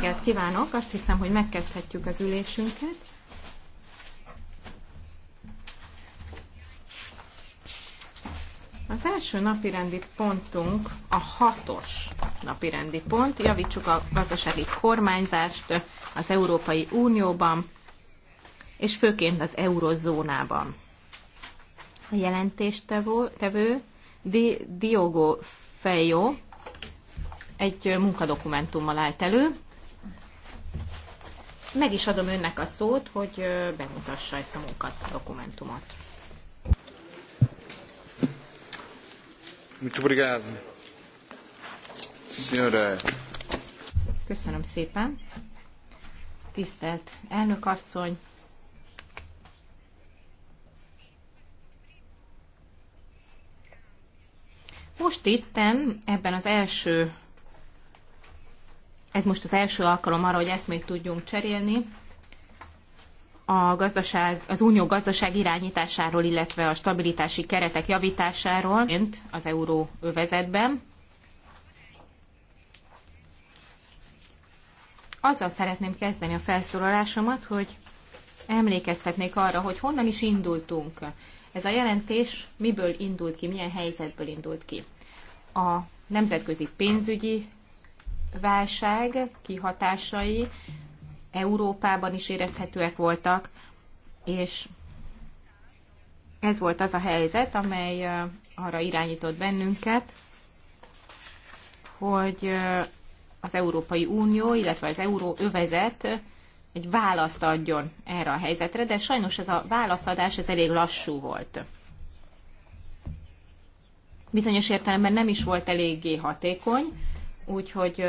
reggelt kívánok! Azt hiszem, hogy megkezdhetjük az ülésünket. Az első napirendi pontunk a hatos napirendi pont. Javítsuk a gazdasági kormányzást az Európai Unióban, és főként az eurozónában. A jelentéstevő Di Diogo Fejó egy munkadokumentummal állt elő, meg is adom önnek a szót, hogy bemutassa ezt a munkat, a dokumentumot. Muito obrigado. Senhora. Köszönöm szépen. Tisztelt elnök asszony, Most itten, ebben az első ez most az első alkalom arra, hogy eszmét tudjunk cserélni a gazdaság, az unió gazdaság irányításáról, illetve a stabilitási keretek javításáról mint az euróövezetben. Azzal szeretném kezdeni a felszólalásomat, hogy emlékeztetnék arra, hogy honnan is indultunk. Ez a jelentés miből indult ki, milyen helyzetből indult ki. A nemzetközi pénzügyi válság kihatásai Európában is érezhetőek voltak, és ez volt az a helyzet, amely arra irányított bennünket, hogy az Európai Unió, illetve az Euróövezet egy választ adjon erre a helyzetre, de sajnos ez a válaszadás ez elég lassú volt. Bizonyos értelemben nem is volt eléggé hatékony, úgyhogy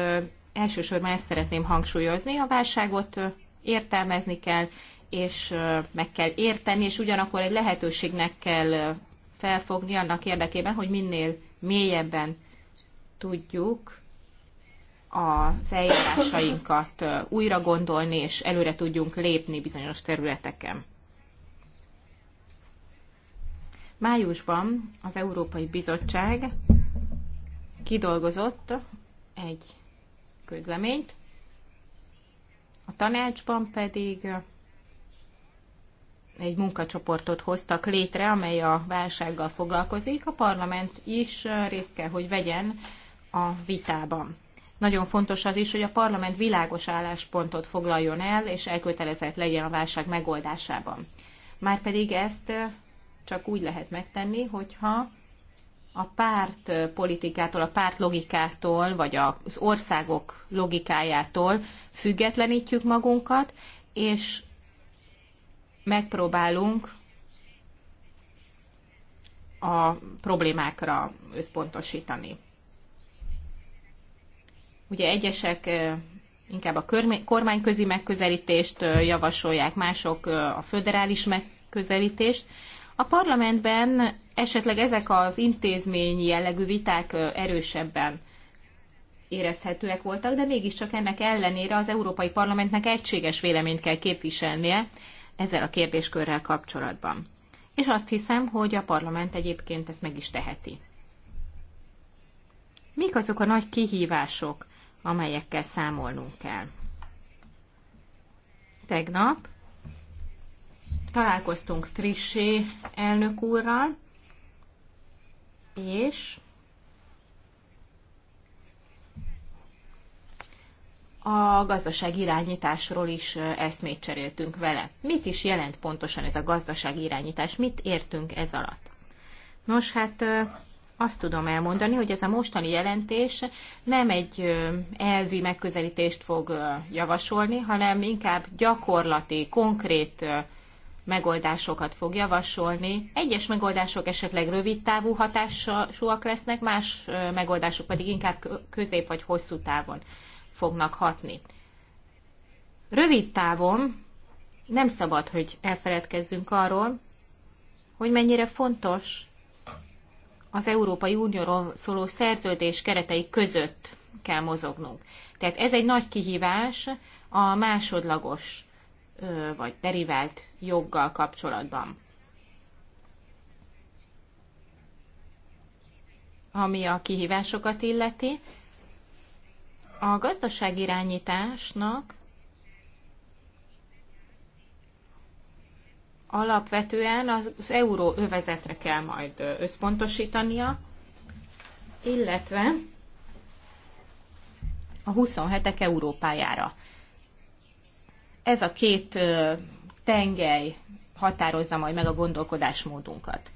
elsősorban ezt szeretném hangsúlyozni, a válságot értelmezni kell, és meg kell érteni, és ugyanakkor egy lehetőségnek kell felfogni annak érdekében, hogy minél mélyebben tudjuk az eljárásainkat újra gondolni, és előre tudjunk lépni bizonyos területeken. Májusban az Európai Bizottság kidolgozott egy közleményt, a tanácsban pedig egy munkacsoportot hoztak létre, amely a válsággal foglalkozik. A parlament is részt kell, hogy vegyen a vitában. Nagyon fontos az is, hogy a parlament világos álláspontot foglaljon el, és elkötelezett legyen a válság megoldásában. Márpedig ezt csak úgy lehet megtenni, hogyha a párt politikától, a párt logikától, vagy az országok logikájától függetlenítjük magunkat, és megpróbálunk a problémákra összpontosítani. Ugye egyesek inkább a kormányközi megközelítést javasolják, mások a föderális megközelítést. A parlamentben esetleg ezek az intézményi jellegű viták erősebben érezhetőek voltak, de mégiscsak ennek ellenére az Európai Parlamentnek egységes véleményt kell képviselnie ezzel a kérdéskörrel kapcsolatban. És azt hiszem, hogy a parlament egyébként ezt meg is teheti. Mik azok a nagy kihívások, amelyekkel számolnunk kell? Tegnap találkoztunk Trissé elnök úrral, és a gazdaság irányításról is eszmét cseréltünk vele. Mit is jelent pontosan ez a gazdaság irányítás? Mit értünk ez alatt? Nos, hát azt tudom elmondani, hogy ez a mostani jelentés nem egy elvi megközelítést fog javasolni, hanem inkább gyakorlati, konkrét megoldásokat fog javasolni. Egyes megoldások esetleg rövid távú hatásúak lesznek, más megoldások pedig inkább közép vagy hosszú távon fognak hatni. Rövid távon nem szabad, hogy elfeledkezzünk arról, hogy mennyire fontos az Európai Unióról szóló szerződés keretei között kell mozognunk. Tehát ez egy nagy kihívás a másodlagos vagy derivált joggal kapcsolatban. Ami a kihívásokat illeti, a gazdaságirányításnak alapvetően az euróövezetre kell majd összpontosítania, illetve a 27-ek Európájára. Ez a két tengely határozza majd meg a gondolkodásmódunkat.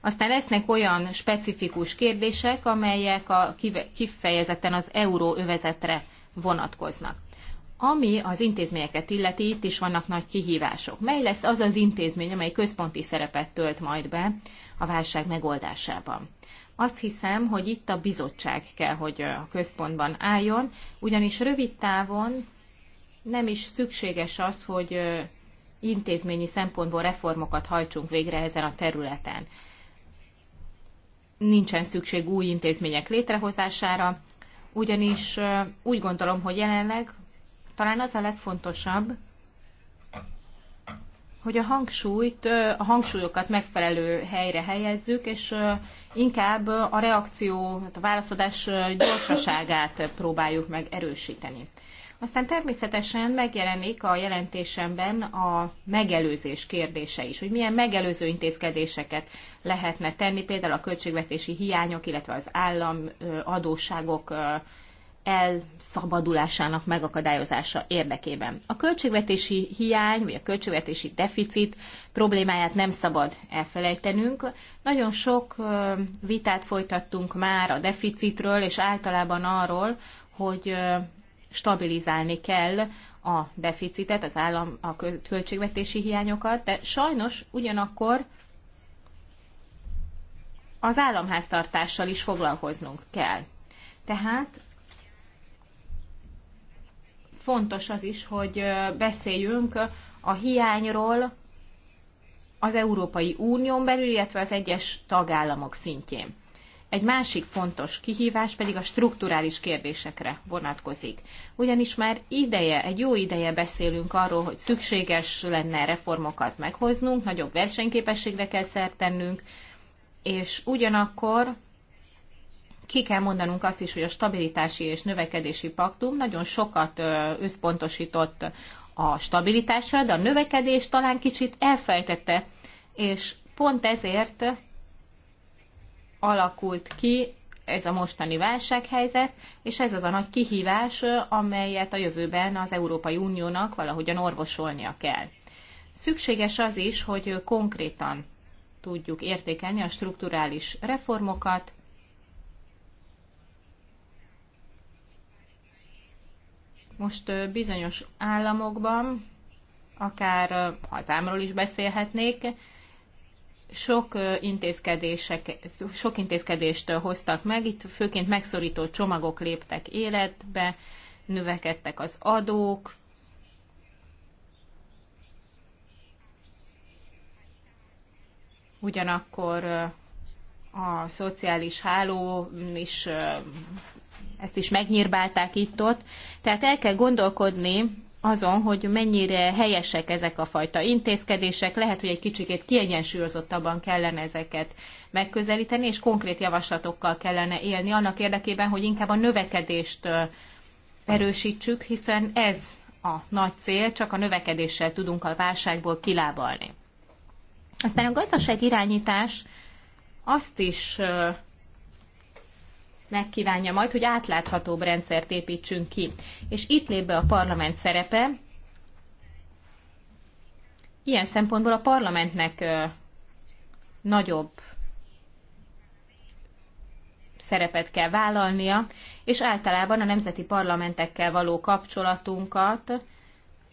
Aztán lesznek olyan specifikus kérdések, amelyek a kifejezetten az euróövezetre vonatkoznak. Ami az intézményeket illeti, itt is vannak nagy kihívások. Mely lesz az az intézmény, amely központi szerepet tölt majd be a válság megoldásában? Azt hiszem, hogy itt a bizottság kell, hogy a központban álljon, ugyanis rövid távon nem is szükséges az, hogy intézményi szempontból reformokat hajtsunk végre ezen a területen. Nincsen szükség új intézmények létrehozására, ugyanis úgy gondolom, hogy jelenleg talán az a legfontosabb, hogy a hangsúlyt, a hangsúlyokat megfelelő helyre helyezzük, és inkább a reakció, a válaszadás gyorsaságát próbáljuk meg erősíteni. Aztán természetesen megjelenik a jelentésemben a megelőzés kérdése is, hogy milyen megelőző intézkedéseket lehetne tenni, például a költségvetési hiányok, illetve az állam adósságok elszabadulásának megakadályozása érdekében. A költségvetési hiány, vagy a költségvetési deficit problémáját nem szabad elfelejtenünk. Nagyon sok vitát folytattunk már a deficitről, és általában arról, hogy stabilizálni kell a deficitet, az állam, a költségvetési hiányokat, de sajnos ugyanakkor az államháztartással is foglalkoznunk kell. Tehát fontos az is, hogy beszéljünk a hiányról az Európai Unión belül, illetve az egyes tagállamok szintjén. Egy másik fontos kihívás pedig a strukturális kérdésekre vonatkozik. Ugyanis már ideje, egy jó ideje beszélünk arról, hogy szükséges lenne reformokat meghoznunk, nagyobb versenyképességre kell szert tennünk, és ugyanakkor ki kell mondanunk azt is, hogy a stabilitási és növekedési paktum nagyon sokat összpontosított a stabilitásra, de a növekedés talán kicsit elfejtette, és pont ezért alakult ki ez a mostani válsághelyzet, és ez az a nagy kihívás, amelyet a jövőben az Európai Uniónak valahogyan orvosolnia kell. Szükséges az is, hogy konkrétan tudjuk értékelni a strukturális reformokat, Most bizonyos államokban, akár hazámról is beszélhetnék, sok, intézkedések, sok intézkedést hoztak meg, itt főként megszorító csomagok léptek életbe, növekedtek az adók, ugyanakkor a szociális háló is ezt is megnyírbálták itt-ott. Tehát el kell gondolkodni azon, hogy mennyire helyesek ezek a fajta intézkedések, lehet, hogy egy kicsikét kiegyensúlyozottabban kellene ezeket megközelíteni, és konkrét javaslatokkal kellene élni annak érdekében, hogy inkább a növekedést erősítsük, hiszen ez a nagy cél, csak a növekedéssel tudunk a válságból kilábalni. Aztán a gazdaság irányítás azt is megkívánja majd, hogy átláthatóbb rendszert építsünk ki. És itt lép be a parlament szerepe. Ilyen szempontból a parlamentnek nagyobb szerepet kell vállalnia, és általában a nemzeti parlamentekkel való kapcsolatunkat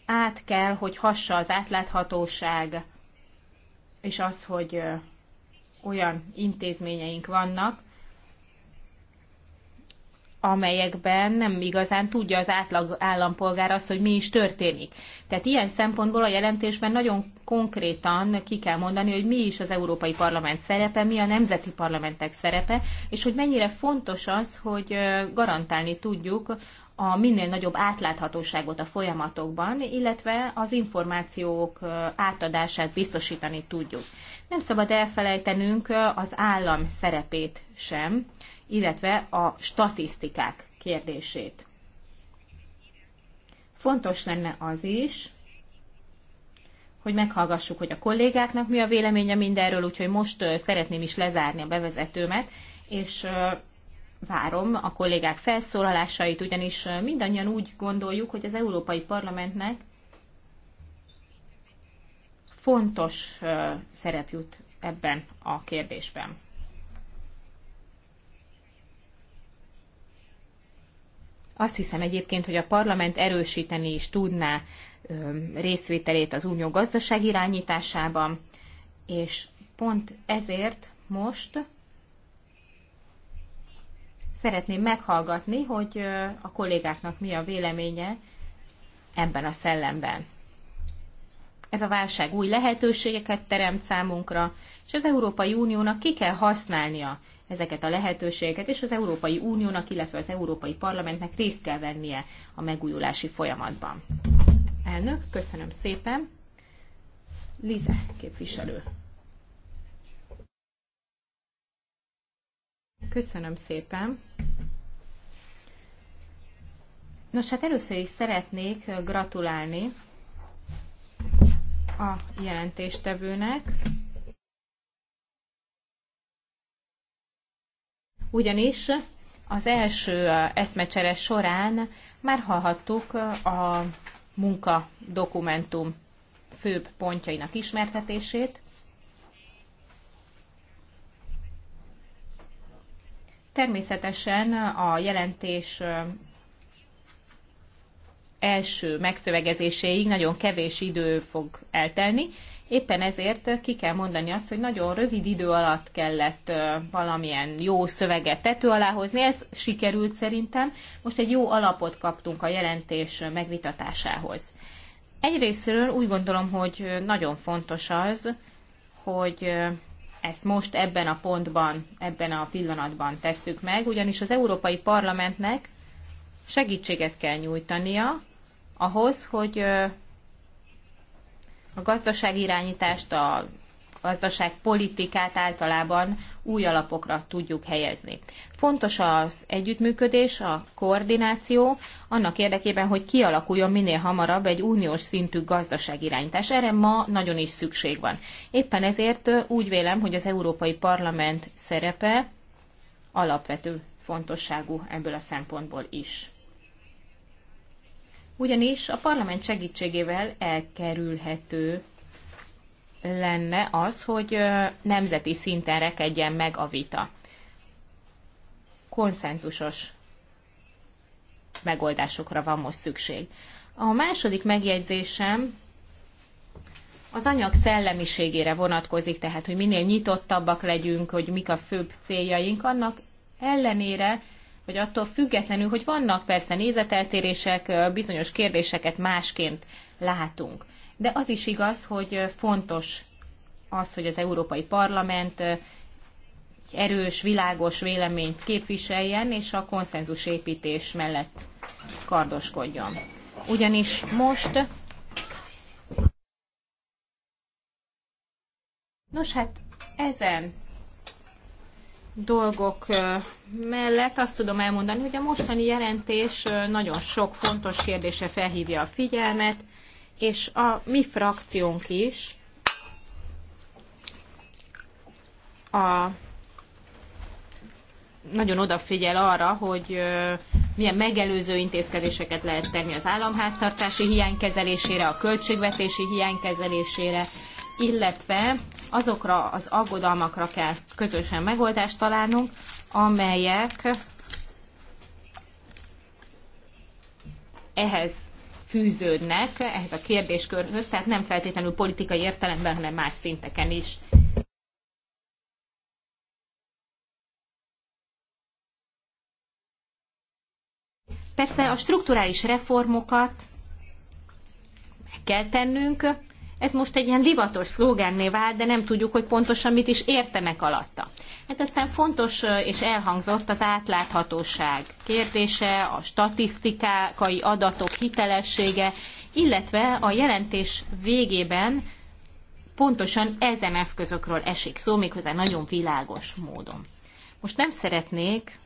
át kell, hogy hassa az átláthatóság, és az, hogy olyan intézményeink vannak, amelyekben nem igazán tudja az átlag állampolgár azt, hogy mi is történik. Tehát ilyen szempontból a jelentésben nagyon konkrétan ki kell mondani, hogy mi is az Európai Parlament szerepe, mi a nemzeti parlamentek szerepe, és hogy mennyire fontos az, hogy garantálni tudjuk a minél nagyobb átláthatóságot a folyamatokban, illetve az információk átadását biztosítani tudjuk. Nem szabad elfelejtenünk az állam szerepét sem, illetve a statisztikák kérdését. Fontos lenne az is, hogy meghallgassuk, hogy a kollégáknak mi a véleménye mindenről, úgyhogy most szeretném is lezárni a bevezetőmet, és várom a kollégák felszólalásait, ugyanis mindannyian úgy gondoljuk, hogy az Európai Parlamentnek fontos szerep jut ebben a kérdésben. Azt hiszem egyébként, hogy a parlament erősíteni is tudná részvételét az unió gazdaság irányításában, és pont ezért most szeretném meghallgatni, hogy a kollégáknak mi a véleménye ebben a szellemben. Ez a válság új lehetőségeket teremt számunkra, és az Európai Uniónak ki kell használnia ezeket a lehetőségeket, és az Európai Uniónak, illetve az Európai Parlamentnek részt kell vennie a megújulási folyamatban. Elnök, köszönöm szépen. Lize képviselő. Köszönöm szépen. Nos, hát először is szeretnék gratulálni a jelentéstevőnek, ugyanis az első eszmecsere során már hallhattuk a munka dokumentum főbb pontjainak ismertetését. Természetesen a jelentés első megszövegezéséig nagyon kevés idő fog eltelni, Éppen ezért ki kell mondani azt, hogy nagyon rövid idő alatt kellett valamilyen jó szöveget tető alá hozni. Ez sikerült szerintem. Most egy jó alapot kaptunk a jelentés megvitatásához. Egyrésztről úgy gondolom, hogy nagyon fontos az, hogy ezt most ebben a pontban, ebben a pillanatban tesszük meg, ugyanis az Európai Parlamentnek segítséget kell nyújtania ahhoz, hogy a irányítást, a gazdaság politikát általában új alapokra tudjuk helyezni. Fontos az együttműködés, a koordináció, annak érdekében, hogy kialakuljon minél hamarabb egy uniós szintű gazdaságirányítás. Erre ma nagyon is szükség van. Éppen ezért úgy vélem, hogy az Európai Parlament szerepe alapvető fontosságú ebből a szempontból is ugyanis a parlament segítségével elkerülhető lenne az, hogy nemzeti szinten rekedjen meg a vita. Konszenzusos megoldásokra van most szükség. A második megjegyzésem az anyag szellemiségére vonatkozik, tehát hogy minél nyitottabbak legyünk, hogy mik a főbb céljaink, annak ellenére hogy attól függetlenül, hogy vannak persze nézeteltérések, bizonyos kérdéseket másként látunk. De az is igaz, hogy fontos az, hogy az Európai Parlament egy erős, világos véleményt képviseljen, és a konszenzusépítés mellett kardoskodjon. Ugyanis most... Nos, hát ezen dolgok mellett azt tudom elmondani, hogy a mostani jelentés nagyon sok fontos kérdése felhívja a figyelmet, és a mi frakciónk is a nagyon odafigyel arra, hogy milyen megelőző intézkedéseket lehet tenni az államháztartási hiánykezelésére, a költségvetési hiánykezelésére, illetve azokra az aggodalmakra kell közösen megoldást találnunk, amelyek ehhez fűződnek, ehhez a kérdéskörhöz, tehát nem feltétlenül politikai értelemben, hanem más szinteken is. Persze a strukturális reformokat meg kell tennünk, ez most egy ilyen divatos szlogenné vált, de nem tudjuk, hogy pontosan mit is értenek alatta. Hát aztán fontos és elhangzott az átláthatóság kérdése, a statisztikai adatok hitelessége, illetve a jelentés végében pontosan ezen eszközökről esik szó, méghozzá nagyon világos módon. Most nem szeretnék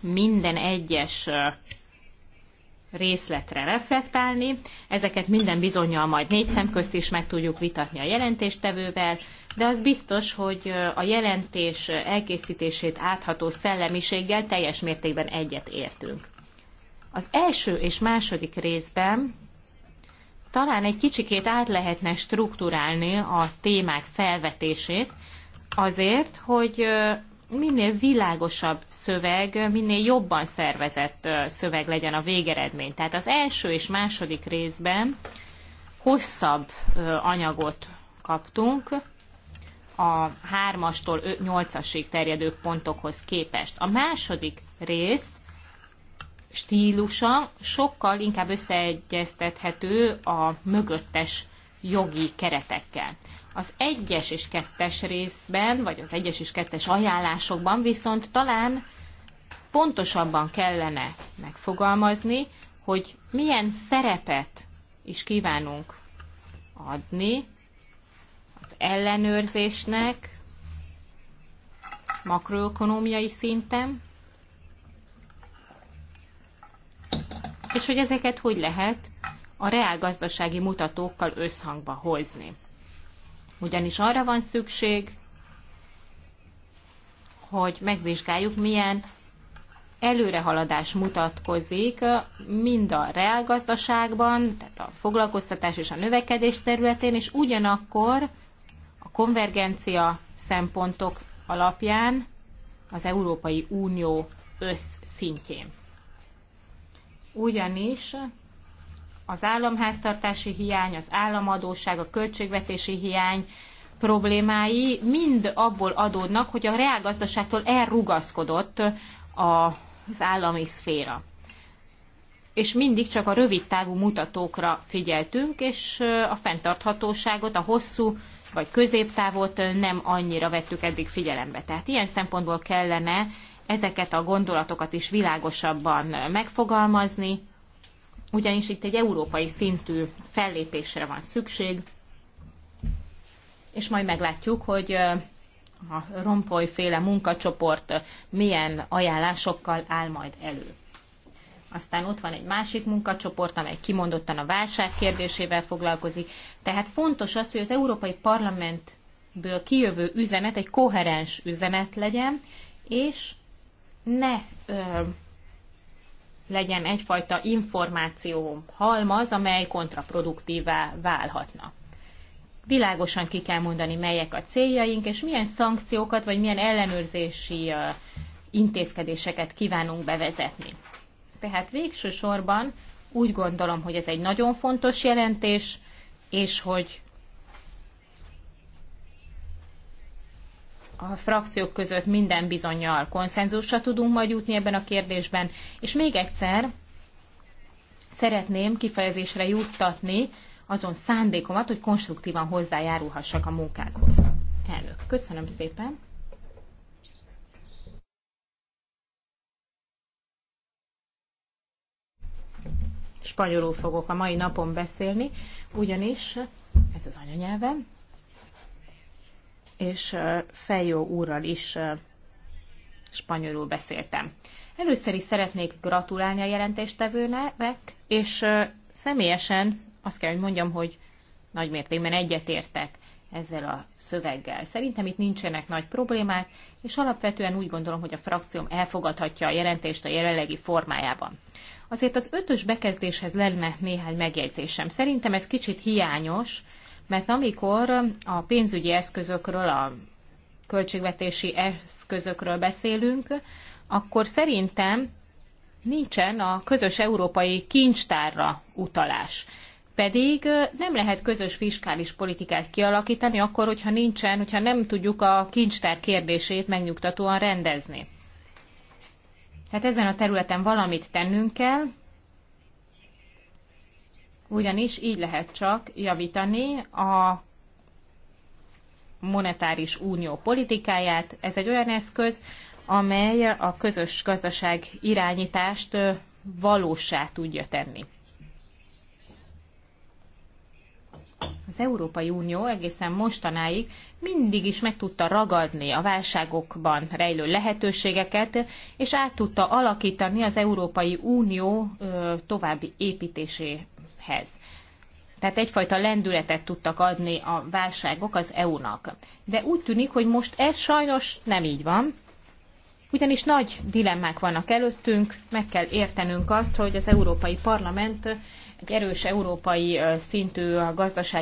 minden egyes részletre reflektálni. Ezeket minden bizonyal majd négy szem közt is meg tudjuk vitatni a jelentéstevővel, de az biztos, hogy a jelentés elkészítését átható szellemiséggel teljes mértékben egyet értünk. Az első és második részben talán egy kicsikét át lehetne strukturálni a témák felvetését, azért, hogy minél világosabb szöveg, minél jobban szervezett szöveg legyen a végeredmény. Tehát az első és második részben hosszabb anyagot kaptunk, a hármastól nyolcasig terjedő pontokhoz képest. A második rész stílusa sokkal inkább összeegyeztethető a mögöttes jogi keretekkel. Az egyes és kettes részben, vagy az egyes és kettes ajánlásokban viszont talán pontosabban kellene megfogalmazni, hogy milyen szerepet is kívánunk adni az ellenőrzésnek makroökonómiai szinten, és hogy ezeket hogy lehet a reálgazdasági mutatókkal összhangba hozni. Ugyanis arra van szükség, hogy megvizsgáljuk, milyen előrehaladás mutatkozik mind a reálgazdaságban, tehát a foglalkoztatás és a növekedés területén, és ugyanakkor a konvergencia szempontok alapján az Európai Unió összszintjén. Ugyanis az államháztartási hiány, az államadóság, a költségvetési hiány problémái mind abból adódnak, hogy a reálgazdaságtól elrugaszkodott az állami szféra. És mindig csak a rövid távú mutatókra figyeltünk, és a fenntarthatóságot, a hosszú vagy középtávot nem annyira vettük eddig figyelembe. Tehát ilyen szempontból kellene ezeket a gondolatokat is világosabban megfogalmazni, ugyanis itt egy európai szintű fellépésre van szükség, és majd meglátjuk, hogy a rompoly féle munkacsoport milyen ajánlásokkal áll majd elő. Aztán ott van egy másik munkacsoport, amely kimondottan a válság kérdésével foglalkozik. Tehát fontos az, hogy az Európai Parlamentből kijövő üzenet egy koherens üzenet legyen, és ne ö, legyen egyfajta információ halmaz, amely kontraproduktívá válhatna. Világosan ki kell mondani, melyek a céljaink, és milyen szankciókat vagy milyen ellenőrzési intézkedéseket kívánunk bevezetni. Tehát végső sorban úgy gondolom, hogy ez egy nagyon fontos jelentés, és hogy a frakciók között minden bizonyal konszenzusra tudunk majd jutni ebben a kérdésben. És még egyszer szeretném kifejezésre juttatni azon szándékomat, hogy konstruktívan hozzájárulhassak a munkákhoz. Elnök, köszönöm szépen! Spanyolul fogok a mai napon beszélni, ugyanis ez az anyanyelvem, és Fejó úrral is spanyolul beszéltem. Először is szeretnék gratulálni a jelentéstevőnek, és személyesen azt kell, hogy mondjam, hogy nagy mértékben egyetértek ezzel a szöveggel. Szerintem itt nincsenek nagy problémák, és alapvetően úgy gondolom, hogy a frakcióm elfogadhatja a jelentést a jelenlegi formájában. Azért az ötös bekezdéshez lenne néhány megjegyzésem. Szerintem ez kicsit hiányos, mert amikor a pénzügyi eszközökről, a költségvetési eszközökről beszélünk, akkor szerintem nincsen a közös európai kincstárra utalás. Pedig nem lehet közös fiskális politikát kialakítani akkor, hogyha nincsen, hogyha nem tudjuk a kincstár kérdését megnyugtatóan rendezni. Tehát ezen a területen valamit tennünk kell, ugyanis így lehet csak javítani a monetáris unió politikáját. Ez egy olyan eszköz, amely a közös gazdaság irányítást valósá tudja tenni. Az Európai Unió egészen mostanáig mindig is meg tudta ragadni a válságokban rejlő lehetőségeket, és át tudta alakítani az Európai Unió további építésé helyzethez. Tehát egyfajta lendületet tudtak adni a válságok az EU-nak. De úgy tűnik, hogy most ez sajnos nem így van, ugyanis nagy dilemmák vannak előttünk, meg kell értenünk azt, hogy az Európai Parlament egy erős európai szintű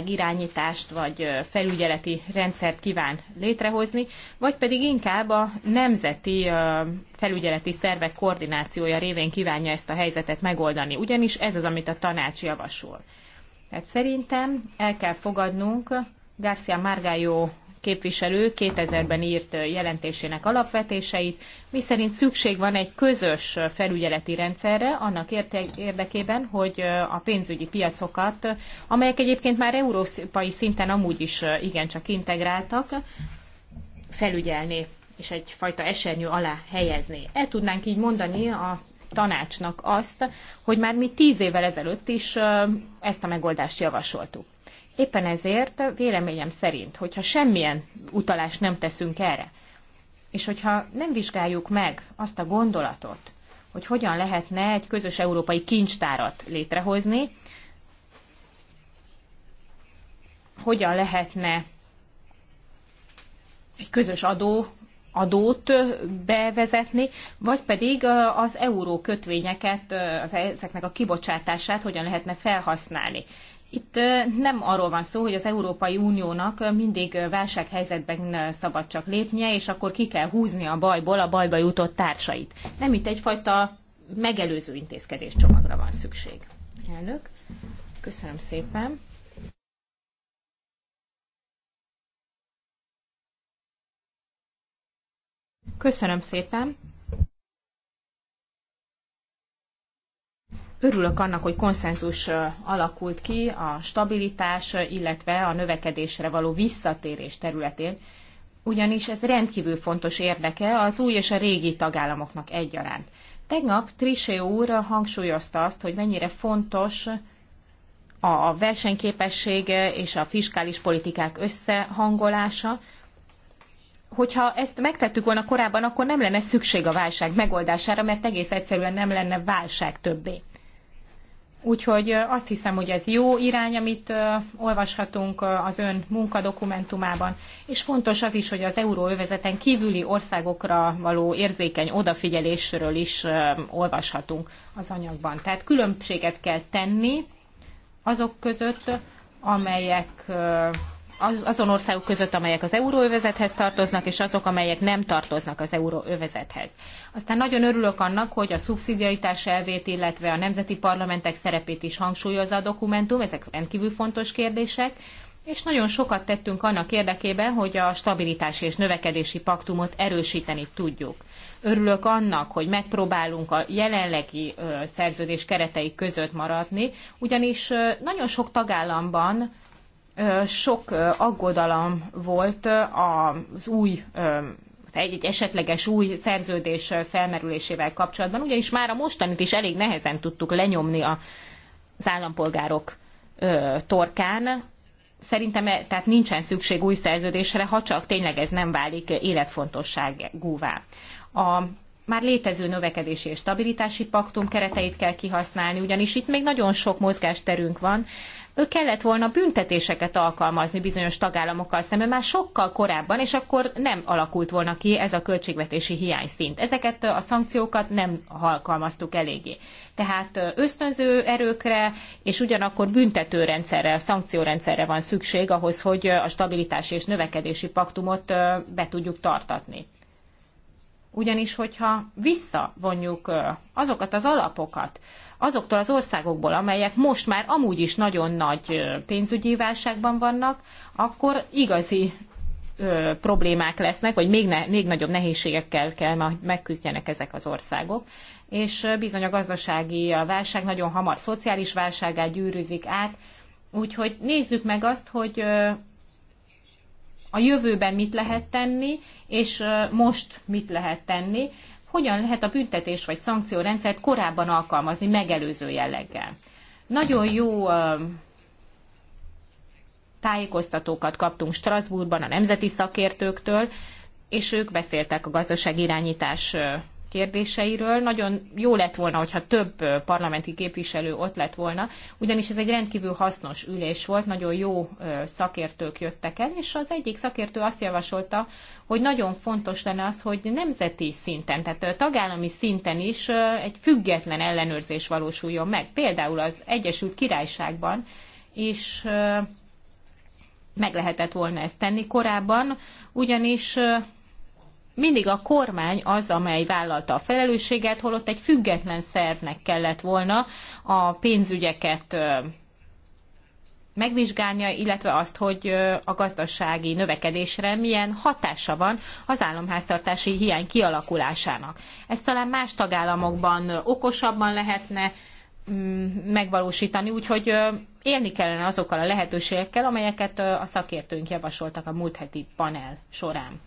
irányítást vagy felügyeleti rendszert kíván létrehozni, vagy pedig inkább a nemzeti felügyeleti szervek koordinációja révén kívánja ezt a helyzetet megoldani. Ugyanis ez az, amit a tanács javasol. Tehát szerintem el kell fogadnunk Garcia Margallo képviselő 2000-ben írt jelentésének alapvetéseit, miszerint szükség van egy közös felügyeleti rendszerre annak érdekében, hogy a pénzügyi piacokat, amelyek egyébként már európai szinten amúgy is igencsak integráltak, felügyelni és egyfajta esernyő alá helyezni. El tudnánk így mondani a tanácsnak azt, hogy már mi tíz évvel ezelőtt is ezt a megoldást javasoltuk. Éppen ezért véleményem szerint, hogyha semmilyen utalást nem teszünk erre, és hogyha nem vizsgáljuk meg azt a gondolatot, hogy hogyan lehetne egy közös európai kincstárat létrehozni, hogyan lehetne egy közös adó, adót bevezetni, vagy pedig az euró kötvényeket, e-, ezeknek a kibocsátását hogyan lehetne felhasználni. Itt nem arról van szó, hogy az Európai Uniónak mindig válsághelyzetben szabad csak lépnie, és akkor ki kell húzni a bajból a bajba jutott társait. Nem itt egyfajta megelőző intézkedés csomagra van szükség. Elnök, köszönöm szépen. Köszönöm szépen. Örülök annak, hogy konszenzus alakult ki a stabilitás, illetve a növekedésre való visszatérés területén, ugyanis ez rendkívül fontos érdeke az új és a régi tagállamoknak egyaránt. Tegnap Trisé úr hangsúlyozta azt, hogy mennyire fontos a versenyképesség és a fiskális politikák összehangolása. Hogyha ezt megtettük volna korábban, akkor nem lenne szükség a válság megoldására, mert egész egyszerűen nem lenne válság többé. Úgyhogy azt hiszem, hogy ez jó irány, amit olvashatunk az ön munkadokumentumában, és fontos az is, hogy az euróövezeten kívüli országokra való érzékeny odafigyelésről is olvashatunk az anyagban. Tehát különbséget kell tenni azok között, amelyek azon országok között, amelyek az euróövezethez tartoznak, és azok, amelyek nem tartoznak az euróövezethez. Aztán nagyon örülök annak, hogy a szubszidiaritás elvét, illetve a nemzeti parlamentek szerepét is hangsúlyozza a dokumentum, ezek rendkívül fontos kérdések, és nagyon sokat tettünk annak érdekében, hogy a stabilitási és növekedési paktumot erősíteni tudjuk. Örülök annak, hogy megpróbálunk a jelenlegi szerződés keretei között maradni, ugyanis nagyon sok tagállamban sok aggodalom volt az új egy, egy esetleges új szerződés felmerülésével kapcsolatban, ugyanis már a mostanit is elég nehezen tudtuk lenyomni a, az állampolgárok ö, torkán. Szerintem e, tehát nincsen szükség új szerződésre, ha csak tényleg ez nem válik életfontosságúvá. A már létező növekedési és stabilitási paktum kereteit kell kihasználni, ugyanis itt még nagyon sok mozgásterünk van, kellett volna büntetéseket alkalmazni bizonyos tagállamokkal szemben már sokkal korábban, és akkor nem alakult volna ki ez a költségvetési hiányszint. Ezeket a szankciókat nem alkalmaztuk eléggé. Tehát ösztönző erőkre és ugyanakkor büntetőrendszerre, szankciórendszerre van szükség ahhoz, hogy a stabilitási és növekedési paktumot be tudjuk tartatni. Ugyanis, hogyha visszavonjuk azokat az alapokat, azoktól az országokból, amelyek most már amúgy is nagyon nagy pénzügyi válságban vannak, akkor igazi ö, problémák lesznek, vagy még, ne, még nagyobb nehézségekkel kell megküzdjenek ezek az országok. És bizony a gazdasági válság nagyon hamar szociális válságát gyűrűzik át, úgyhogy nézzük meg azt, hogy a jövőben mit lehet tenni, és most mit lehet tenni, hogyan lehet a büntetés vagy szankciórendszert korábban alkalmazni megelőző jelleggel. Nagyon jó tájékoztatókat kaptunk Strasbourgban a nemzeti szakértőktől, és ők beszéltek a gazdaság irányítás kérdéseiről. Nagyon jó lett volna, hogyha több parlamenti képviselő ott lett volna, ugyanis ez egy rendkívül hasznos ülés volt, nagyon jó szakértők jöttek el, és az egyik szakértő azt javasolta, hogy nagyon fontos lenne az, hogy nemzeti szinten, tehát tagállami szinten is egy független ellenőrzés valósuljon meg. Például az Egyesült Királyságban is meg lehetett volna ezt tenni korábban, ugyanis mindig a kormány az, amely vállalta a felelősséget, holott egy független szervnek kellett volna a pénzügyeket megvizsgálnia, illetve azt, hogy a gazdasági növekedésre milyen hatása van az államháztartási hiány kialakulásának. Ezt talán más tagállamokban okosabban lehetne mm, megvalósítani, úgyhogy élni kellene azokkal a lehetőségekkel, amelyeket a szakértőink javasoltak a múlt heti panel során.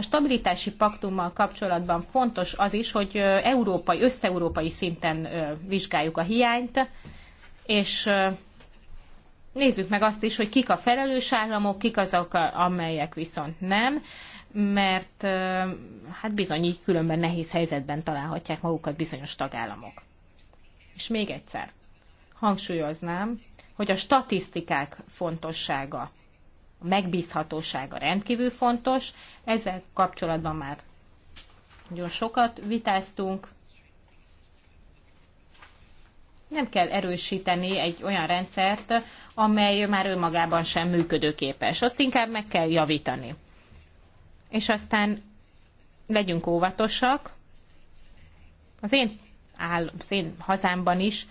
A stabilitási paktummal kapcsolatban fontos az is, hogy európai, összeurópai szinten vizsgáljuk a hiányt, és nézzük meg azt is, hogy kik a felelős államok, kik azok, amelyek viszont nem, mert hát bizony így különben nehéz helyzetben találhatják magukat bizonyos tagállamok. És még egyszer hangsúlyoznám, hogy a statisztikák fontossága a megbízhatósága rendkívül fontos. Ezzel kapcsolatban már nagyon sokat vitáztunk. Nem kell erősíteni egy olyan rendszert, amely már önmagában sem működőképes. Azt inkább meg kell javítani. És aztán legyünk óvatosak. Az én, áll, az én hazámban is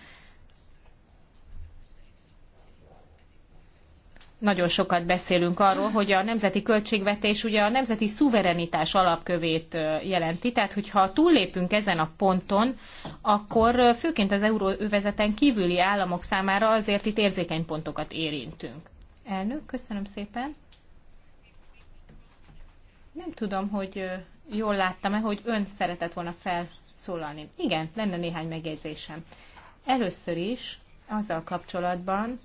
nagyon sokat beszélünk arról, hogy a nemzeti költségvetés ugye a nemzeti szuverenitás alapkövét jelenti, tehát hogyha túllépünk ezen a ponton, akkor főként az euróövezeten kívüli államok számára azért itt érzékeny pontokat érintünk. Elnök, köszönöm szépen. Nem tudom, hogy jól láttam-e, hogy ön szeretett volna felszólalni. Igen, lenne néhány megjegyzésem. Először is azzal kapcsolatban,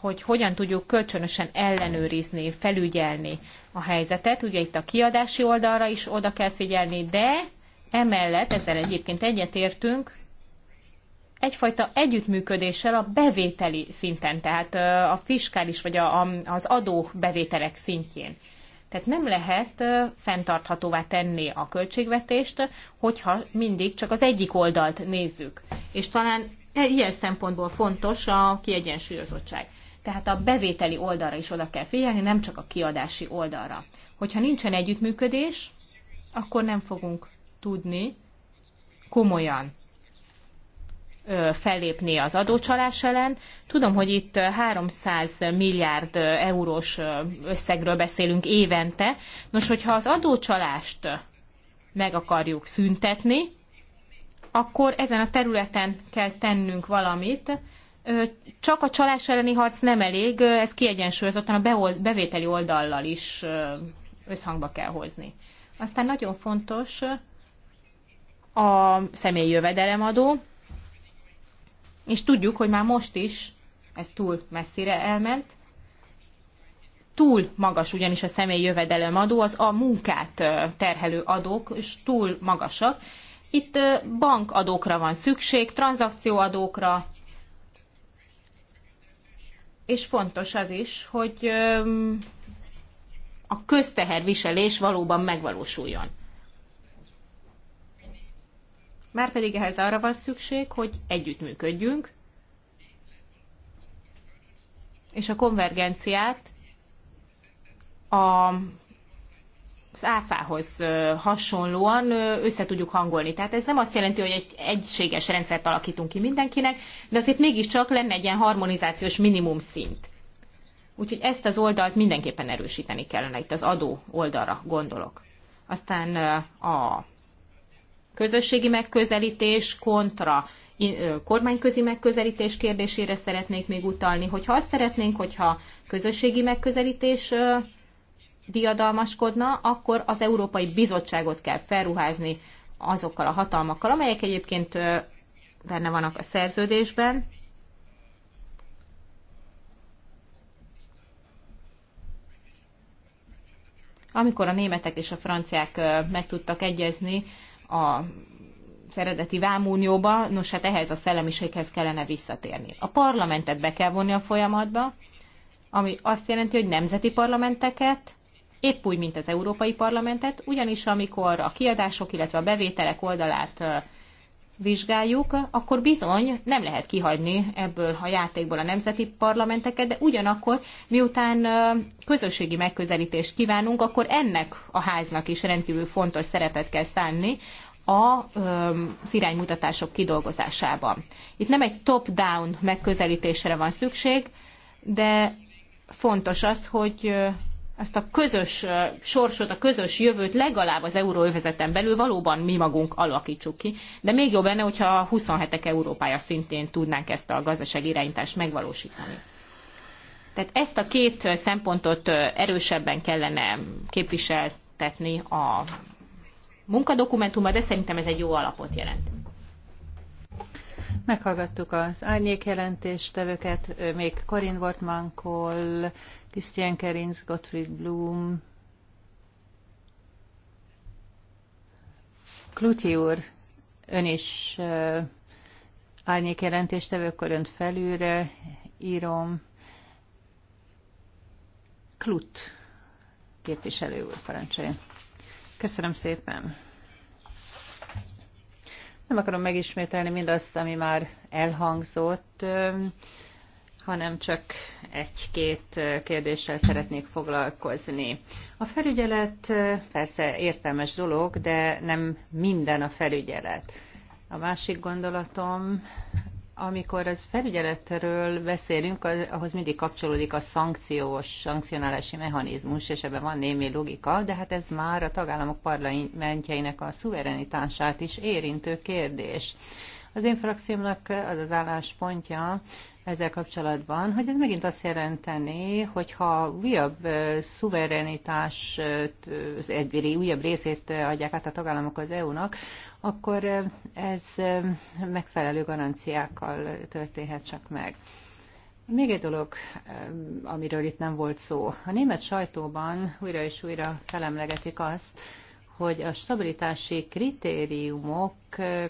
hogy hogyan tudjuk kölcsönösen ellenőrizni, felügyelni a helyzetet. Ugye itt a kiadási oldalra is oda kell figyelni, de emellett, ezzel egyébként egyetértünk, egyfajta együttműködéssel a bevételi szinten, tehát a fiskális vagy a, a, az adó bevételek szintjén. Tehát nem lehet fenntarthatóvá tenni a költségvetést, hogyha mindig csak az egyik oldalt nézzük. És talán e, ilyen szempontból fontos a kiegyensúlyozottság. Tehát a bevételi oldalra is oda kell figyelni, nem csak a kiadási oldalra. Hogyha nincsen együttműködés, akkor nem fogunk tudni komolyan fellépni az adócsalás ellen. Tudom, hogy itt 300 milliárd eurós összegről beszélünk évente. Nos, hogyha az adócsalást meg akarjuk szüntetni, akkor ezen a területen kell tennünk valamit, csak a csalás elleni harc nem elég, ez kiegyensúlyozottan a bevételi oldallal is összhangba kell hozni. Aztán nagyon fontos a személyi jövedelemadó, és tudjuk, hogy már most is ez túl messzire elment, túl magas ugyanis a személyi jövedelemadó, az a munkát terhelő adók, és túl magasak. Itt bankadókra van szükség, tranzakcióadókra, és fontos az is, hogy a közteherviselés valóban megvalósuljon. Márpedig ehhez arra van szükség, hogy együttműködjünk, és a konvergenciát a az áfához hasonlóan össze tudjuk hangolni. Tehát ez nem azt jelenti, hogy egy egységes rendszert alakítunk ki mindenkinek, de azért mégiscsak lenne egy ilyen harmonizációs minimum szint. Úgyhogy ezt az oldalt mindenképpen erősíteni kellene, itt az adó oldalra gondolok. Aztán a közösségi megközelítés kontra kormányközi megközelítés kérdésére szeretnék még utalni, hogyha azt szeretnénk, hogyha közösségi megközelítés diadalmaskodna, akkor az Európai Bizottságot kell felruházni azokkal a hatalmakkal, amelyek egyébként benne vannak a szerződésben. Amikor a németek és a franciák meg tudtak egyezni a eredeti vámúnióba, nos hát ehhez a szellemiséghez kellene visszatérni. A parlamentet be kell vonni a folyamatba, ami azt jelenti, hogy nemzeti parlamenteket épp úgy, mint az Európai Parlamentet, ugyanis amikor a kiadások, illetve a bevételek oldalát vizsgáljuk, akkor bizony nem lehet kihagyni ebből a játékból a nemzeti parlamenteket, de ugyanakkor miután közösségi megközelítést kívánunk, akkor ennek a háznak is rendkívül fontos szerepet kell szánni a iránymutatások kidolgozásában. Itt nem egy top-down megközelítésre van szükség, de fontos az, hogy ezt a közös sorsot, a közös jövőt legalább az euróövezeten belül valóban mi magunk alakítsuk ki. De még jobb lenne, hogyha a 27-ek Európája szintén tudnánk ezt a gazdaság irányítást megvalósítani. Tehát ezt a két szempontot erősebben kellene képviseltetni a munkadokumentumban, de szerintem ez egy jó alapot jelent. Meghallgattuk az árnyék jelentéstevőket, még Karin Wortmankol Christian Kerins, Gottfried Blum, Kluti úr, ön is uh, árnyék jelentéstevő, akkor önt felülre írom. Klut képviselő úr, parancsoljon. Köszönöm szépen. Nem akarom megismételni mindazt, ami már elhangzott hanem csak egy-két kérdéssel szeretnék foglalkozni. A felügyelet persze értelmes dolog, de nem minden a felügyelet. A másik gondolatom, amikor az felügyeletről beszélünk, az, ahhoz mindig kapcsolódik a szankciós, szankcionálási mechanizmus, és ebben van némi logika, de hát ez már a tagállamok parlamentjeinek a szuverenitását is érintő kérdés. Az én frakciómnak az az álláspontja, ezzel kapcsolatban, hogy ez megint azt jelenteni, hogyha újabb szuverenitás az újabb részét adják át a tagállamok az EU-nak, akkor ez megfelelő garanciákkal történhet csak meg. Még egy dolog, amiről itt nem volt szó. A német sajtóban újra és újra felemlegetik azt, hogy a stabilitási kritériumok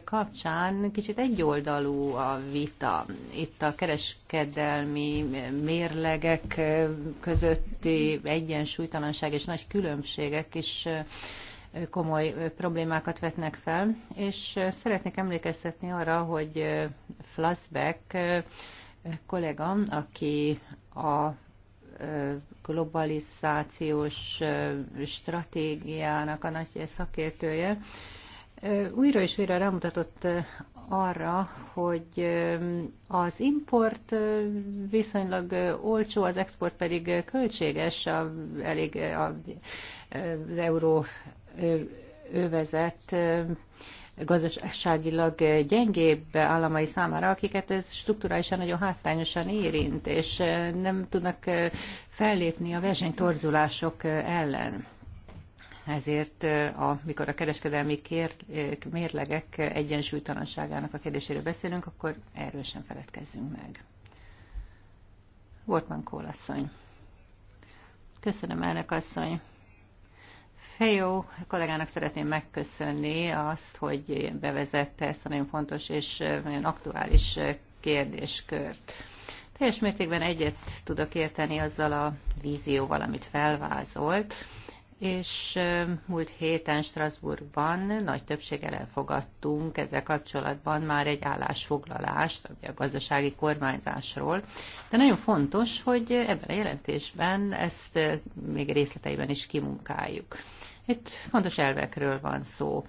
kapcsán kicsit egyoldalú a vita. Itt a kereskedelmi mérlegek közötti egyensúlytalanság és nagy különbségek is komoly problémákat vetnek fel, és szeretnék emlékeztetni arra, hogy flashback kollégam, aki a globalizációs stratégiának a nagy szakértője, újra és újra rámutatott arra, hogy az import viszonylag olcsó, az export pedig költséges, a, elég a, az euró övezet gazdaságilag gyengébb államai számára, akiket ez strukturálisan nagyon hátrányosan érint, és eh, nem tudnak eh, fellépni a versenytorzulások eh, ellen ezért amikor a kereskedelmi kér, mérlegek egyensúlytalanságának a kérdéséről beszélünk, akkor erről sem feledkezzünk meg. Wortmann Kólasszony. Köszönöm, elnök asszony. Fejó kollégának szeretném megköszönni azt, hogy bevezette ezt a nagyon fontos és nagyon aktuális kérdéskört. Teljes mértékben egyet tudok érteni azzal a vízióval, amit felvázolt, és múlt héten Strasbourgban nagy többséggel elfogadtunk ezzel kapcsolatban már egy állásfoglalást a gazdasági kormányzásról. De nagyon fontos, hogy ebben a jelentésben ezt még részleteiben is kimunkáljuk. Itt fontos elvekről van szó.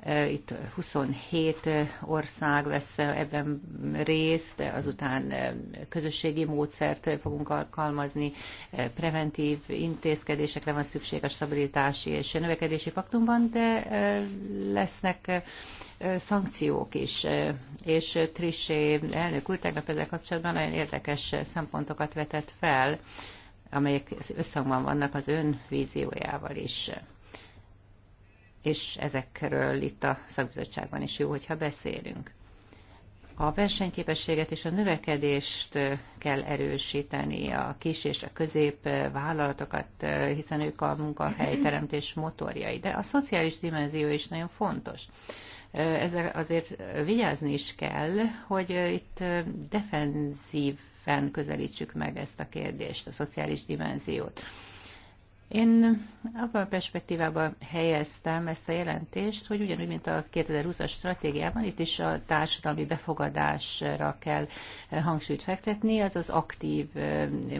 E, itt 27 ország vesz ebben részt, azután e, közösségi módszert fogunk alkalmazni, e, preventív intézkedésekre van szükség a stabilitási és növekedési paktumban, de lesznek szankciók is. És Trissé elnök úr tegnap ezzel kapcsolatban nagyon érdekes szempontokat vetett fel, amelyek összhangban vannak az ön víziójával is és ezekről itt a szakbizottságban is jó, hogyha beszélünk. A versenyképességet és a növekedést kell erősíteni, a kis és a közép vállalatokat, hiszen ők a munkahelyteremtés motorjai. De a szociális dimenzió is nagyon fontos. Ezzel azért vigyázni is kell, hogy itt defenzíven közelítsük meg ezt a kérdést, a szociális dimenziót. Én abban a perspektívában helyeztem ezt a jelentést, hogy ugyanúgy, mint a 2020-as stratégiában, itt is a társadalmi befogadásra kell hangsúlyt fektetni, az az aktív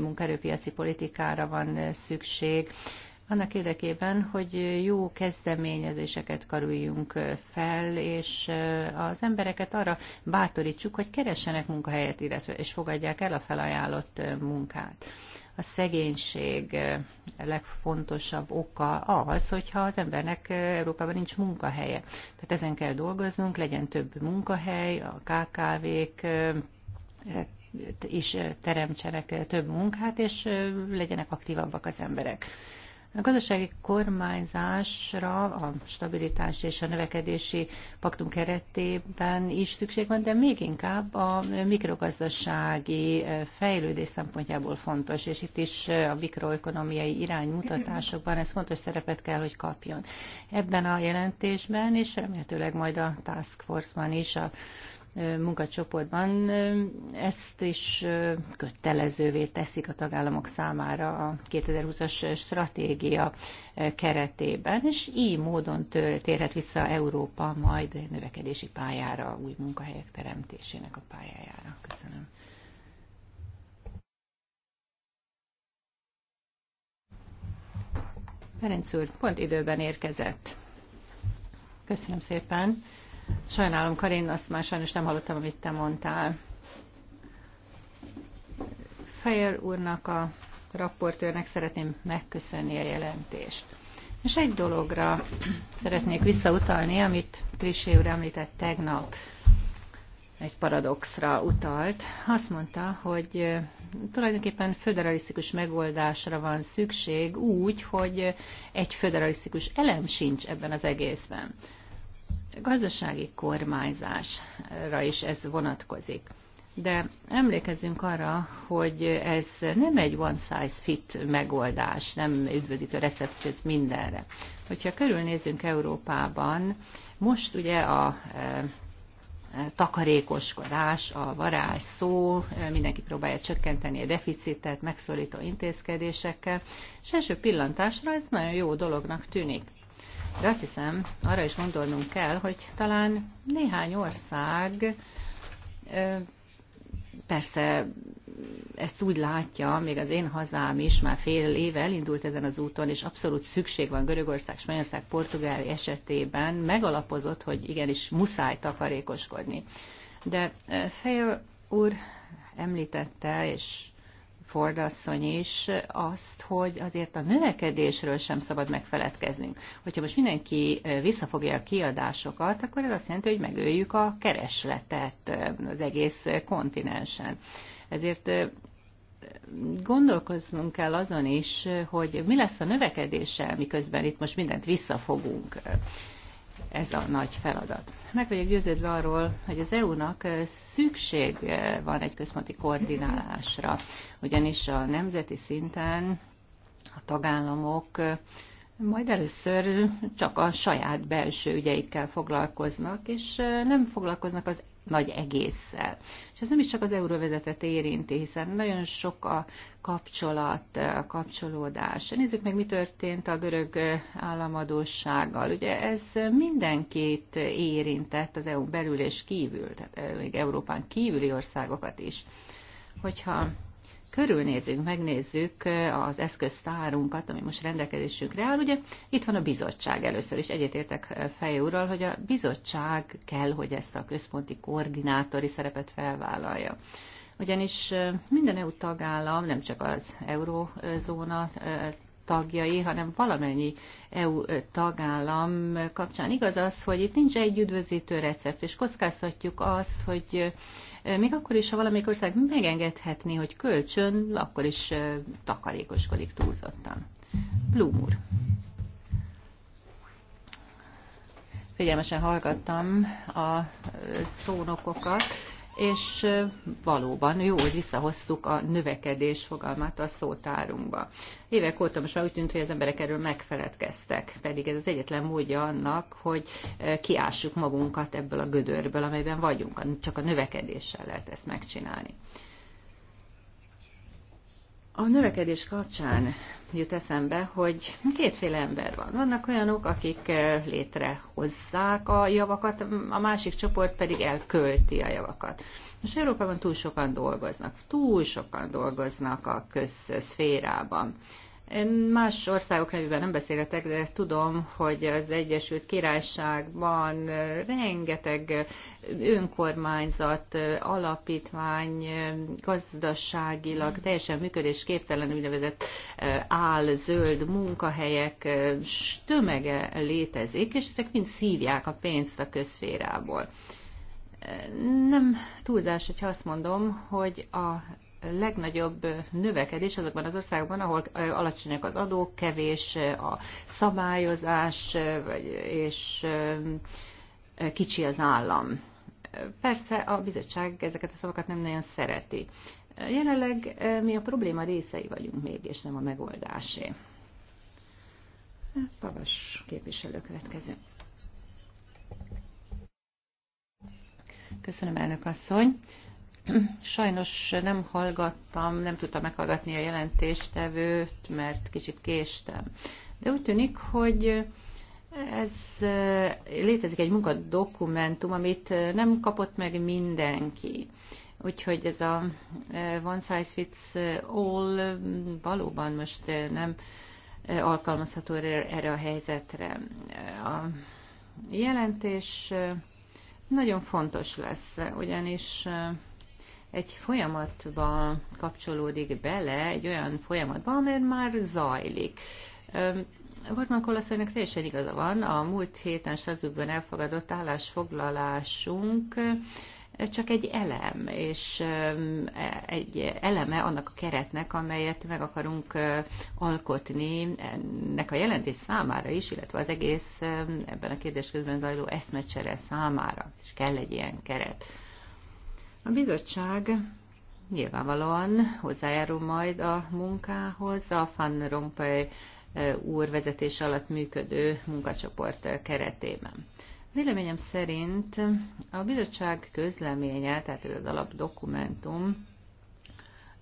munkaerőpiaci politikára van szükség, annak érdekében, hogy jó kezdeményezéseket karuljunk fel, és az embereket arra bátorítsuk, hogy keressenek munkahelyet, illetve és fogadják el a felajánlott munkát a szegénység legfontosabb oka az, hogyha az embernek Európában nincs munkahelye. Tehát ezen kell dolgoznunk, legyen több munkahely, a KKV-k is teremtsenek több munkát, és legyenek aktívabbak az emberek. A gazdasági kormányzásra a stabilitás és a növekedési paktum keretében is szükség van, de még inkább a mikrogazdasági eh, fejlődés szempontjából fontos, és itt is eh, a mikroekonomiai iránymutatásokban ez fontos szerepet kell, hogy kapjon. Ebben a jelentésben, és remélhetőleg majd a Task Force-ban is a munkacsoportban ezt is kötelezővé teszik a tagállamok számára a 2020-as stratégia keretében, és így módon térhet vissza Európa majd növekedési pályára, új munkahelyek teremtésének a pályájára. Köszönöm. Ferenc úr, pont időben érkezett. Köszönöm szépen. Sajnálom, Karin, azt már sajnos nem hallottam, amit te mondtál. Fejer úrnak, a raportőrnek szeretném megköszönni a jelentést. És egy dologra szeretnék visszautalni, amit Trissé úr említett tegnap, egy paradoxra utalt. Azt mondta, hogy tulajdonképpen föderalisztikus megoldásra van szükség úgy, hogy egy föderalisztikus elem sincs ebben az egészben gazdasági kormányzásra is ez vonatkozik. De emlékezzünk arra, hogy ez nem egy one size fit megoldás, nem üdvözítő receptet mindenre. Hogyha körülnézünk Európában, most ugye a e, e, takarékoskodás, a varázs szó, e, mindenki próbálja csökkenteni a deficitet megszorító intézkedésekkel, és első pillantásra ez nagyon jó dolognak tűnik. De azt hiszem, arra is gondolnunk kell, hogy talán néhány ország persze ezt úgy látja, még az én hazám is már fél éve elindult ezen az úton, és abszolút szükség van Görögország, Spanyolország, Portugália esetében megalapozott, hogy igenis muszáj takarékoskodni. De Fejl úr említette, és Ford asszony is azt, hogy azért a növekedésről sem szabad megfeledkeznünk. Hogyha most mindenki visszafogja a kiadásokat, akkor ez azt jelenti, hogy megöljük a keresletet az egész kontinensen. Ezért gondolkoznunk kell azon is, hogy mi lesz a növekedéssel, miközben itt most mindent visszafogunk ez a nagy feladat. Meg vagyok győződve arról, hogy az EU-nak szükség van egy központi koordinálásra, ugyanis a nemzeti szinten a tagállamok majd először csak a saját belső ügyeikkel foglalkoznak, és nem foglalkoznak az nagy egésszel. És ez nem is csak az euróvezetet érinti, hiszen nagyon sok a kapcsolat, a kapcsolódás. Nézzük meg, mi történt a görög államadósággal. Ugye ez mindenkit érintett az EU belül és kívül, tehát eh, még Európán kívüli országokat is. Hogyha körülnézünk, megnézzük az eszköztárunkat, ami most rendelkezésünkre áll, ugye itt van a bizottság először is. Egyetértek fejúrral, hogy a bizottság kell, hogy ezt a központi koordinátori szerepet felvállalja ugyanis minden EU tagállam, nem csak az eurózóna tagjai, hanem valamennyi EU tagállam kapcsán. Igaz az, hogy itt nincs egy üdvözítő recept, és kockáztatjuk azt, hogy még akkor is, ha valamelyik ország megengedhetné, hogy kölcsön, akkor is takarékoskodik túlzottan. Blum úr. Figyelmesen hallgattam a szónokokat és valóban jó, hogy visszahoztuk a növekedés fogalmát a szótárunkba. Évek óta most már úgy tűnt, hogy az emberek erről megfeledkeztek, pedig ez az egyetlen módja annak, hogy kiássuk magunkat ebből a gödörből, amelyben vagyunk. Csak a növekedéssel lehet ezt megcsinálni. A növekedés kapcsán jut eszembe, hogy kétféle ember van. Vannak olyanok, akik eh, létrehozzák a javakat, a másik csoport pedig elkölti a javakat. Most Európában túl sokan dolgoznak, túl sokan dolgoznak a közszférában. Én más országok nevében nem beszélhetek, de tudom, hogy az Egyesült Királyságban rengeteg önkormányzat, alapítvány, gazdaságilag teljesen működésképtelen úgynevezett eh, áll-zöld munkahelyek eh, tömege létezik, és ezek mind szívják a pénzt a közférából. Eh, nem túlzás, hogyha azt mondom, hogy a legnagyobb növekedés azokban az országokban, ahol alacsonyak az adók, kevés a szabályozás, és kicsi az állam. Persze a bizottság ezeket a szavakat nem nagyon szereti. Jelenleg mi a probléma részei vagyunk még, és nem a megoldásé. Pavas képviselő következő. Köszönöm, elnök asszony. Sajnos nem hallgattam, nem tudtam meghallgatni a jelentéstevőt, mert kicsit késtem. De úgy tűnik, hogy ez létezik egy munkadokumentum, amit nem kapott meg mindenki. Úgyhogy ez a e, one size fits all valóban most e, nem e, alkalmazható erre a helyzetre. A jelentés nagyon fontos lesz, ugyanis egy folyamatba kapcsolódik bele, egy olyan folyamatba, amely már zajlik. Vartman Kolaszajnak teljesen igaza van, a múlt héten Sazukban elfogadott állásfoglalásunk csak egy elem, és e, egy eleme annak a keretnek, amelyet meg akarunk alkotni ennek a jelentés számára is, illetve az egész ebben a közben zajló eszmecsere számára, és kell egy ilyen keret. A bizottság nyilvánvalóan hozzájárul majd a munkához a Van Rompuy úr vezetés alatt működő munkacsoport keretében. Véleményem szerint a bizottság közleménye, tehát ez az alapdokumentum,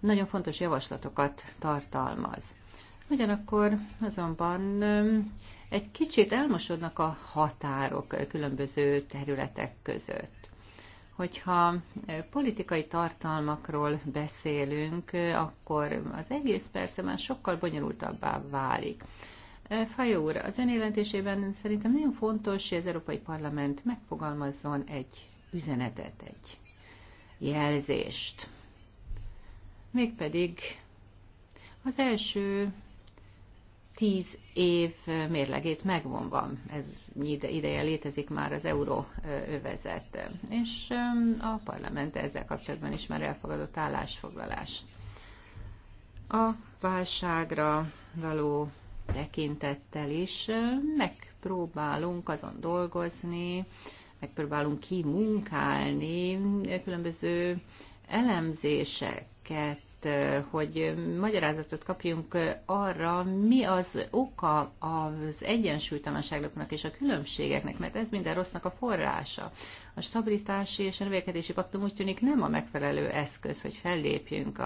nagyon fontos javaslatokat tartalmaz. Ugyanakkor azonban egy kicsit elmosodnak a határok különböző területek között hogyha eh, politikai tartalmakról beszélünk, eh, akkor az egész persze már sokkal bonyolultabbá válik. Eh, Fajó úr, az ön jelentésében szerintem nagyon fontos, hogy az Európai Parlament megfogalmazzon egy üzenetet, egy jelzést. Mégpedig az első tíz év mérlegét megvonva. Ez ideje létezik már az euróövezet. És a parlament ezzel kapcsolatban is már elfogadott állásfoglalást. A válságra való tekintettel is megpróbálunk azon dolgozni, megpróbálunk kimunkálni különböző elemzéseket, azért, hogy magyarázatot kapjunk arra, mi az oka az egyensúlytalanságoknak és a különbségeknek, mert ez minden rossznak a forrása. A stabilitási és a növekedési paktum úgy tűnik nem a megfelelő eszköz, hogy fellépjünk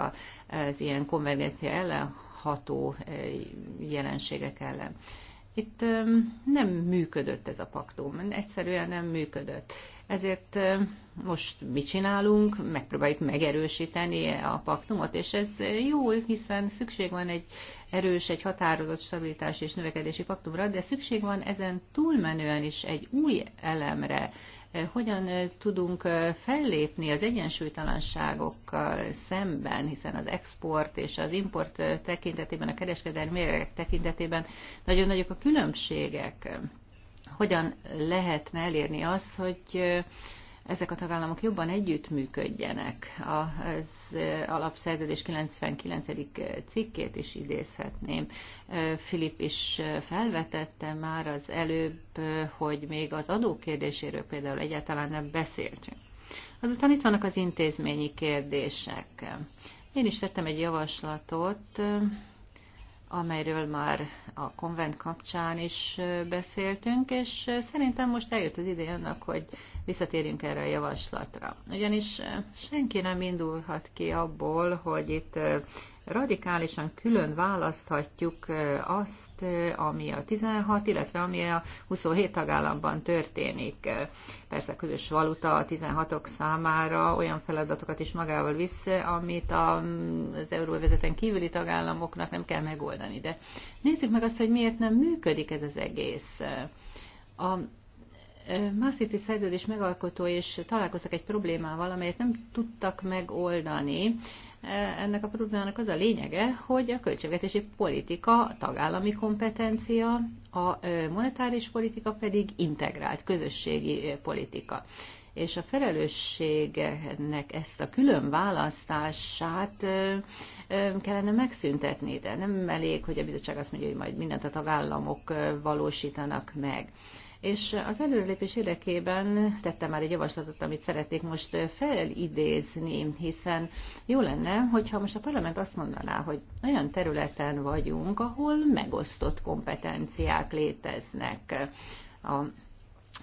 az ilyen konvergencia ellen ható jelenségek ellen. Itt nem működött ez a paktum, egyszerűen nem működött ezért most mit csinálunk? Megpróbáljuk megerősíteni a paktumot, és ez jó, hiszen szükség van egy erős, egy határozott stabilitás és növekedési paktumra, de szükség van ezen túlmenően is egy új elemre, hogyan tudunk fellépni az egyensúlytalanságokkal szemben, hiszen az export és az import tekintetében, a kereskedelmi mérlegek tekintetében nagyon nagyok a különbségek hogyan lehetne elérni azt, hogy ezek a tagállamok jobban együttműködjenek. Az alapszerződés 99. cikkét is idézhetném. Filip is felvetette már az előbb, hogy még az adó kérdéséről például egyáltalán nem beszéltünk. Azután itt vannak az intézményi kérdések. Én is tettem egy javaslatot, amelyről már a konvent kapcsán is beszéltünk, és szerintem most eljött az ideje annak, hogy visszatérjünk erre a javaslatra. Ugyanis eh, senki nem indulhat ki abból, hogy itt eh, radikálisan külön választhatjuk eh, azt, ami a 16, illetve ami a 27 tagállamban történik. Persze a közös valuta a 16-ok számára olyan feladatokat is magával visz, amit mm, az euróvezeten kívüli tagállamoknak nem kell megoldani. De nézzük meg azt, hogy miért nem működik ez az egész. A Maastrichti szerződés megalkotó és találkoztak egy problémával, amelyet nem tudtak megoldani. Ennek a problémának az a lényege, hogy a költségvetési politika tagállami kompetencia, a monetáris politika pedig integrált közösségi politika és a felelősségnek ezt a külön választását kellene megszüntetni, de nem elég, hogy a bizottság azt mondja, hogy majd mindent a tagállamok valósítanak meg és az előrelépés érdekében tettem már egy javaslatot, amit szeretnék most felidézni, hiszen jó lenne, hogyha most a parlament azt mondaná, hogy olyan területen vagyunk, ahol megosztott kompetenciák léteznek a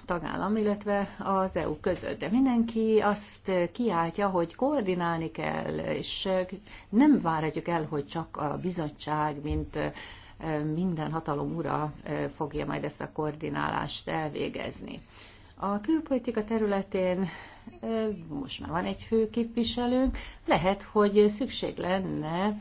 tagállam, illetve az EU között. De mindenki azt kiáltja, hogy koordinálni kell, és nem várhatjuk el, hogy csak a bizottság, mint minden hatalom ura fogja majd ezt a koordinálást elvégezni. A külpolitika területén most már van egy fő képviselőnk, lehet, hogy szükség lenne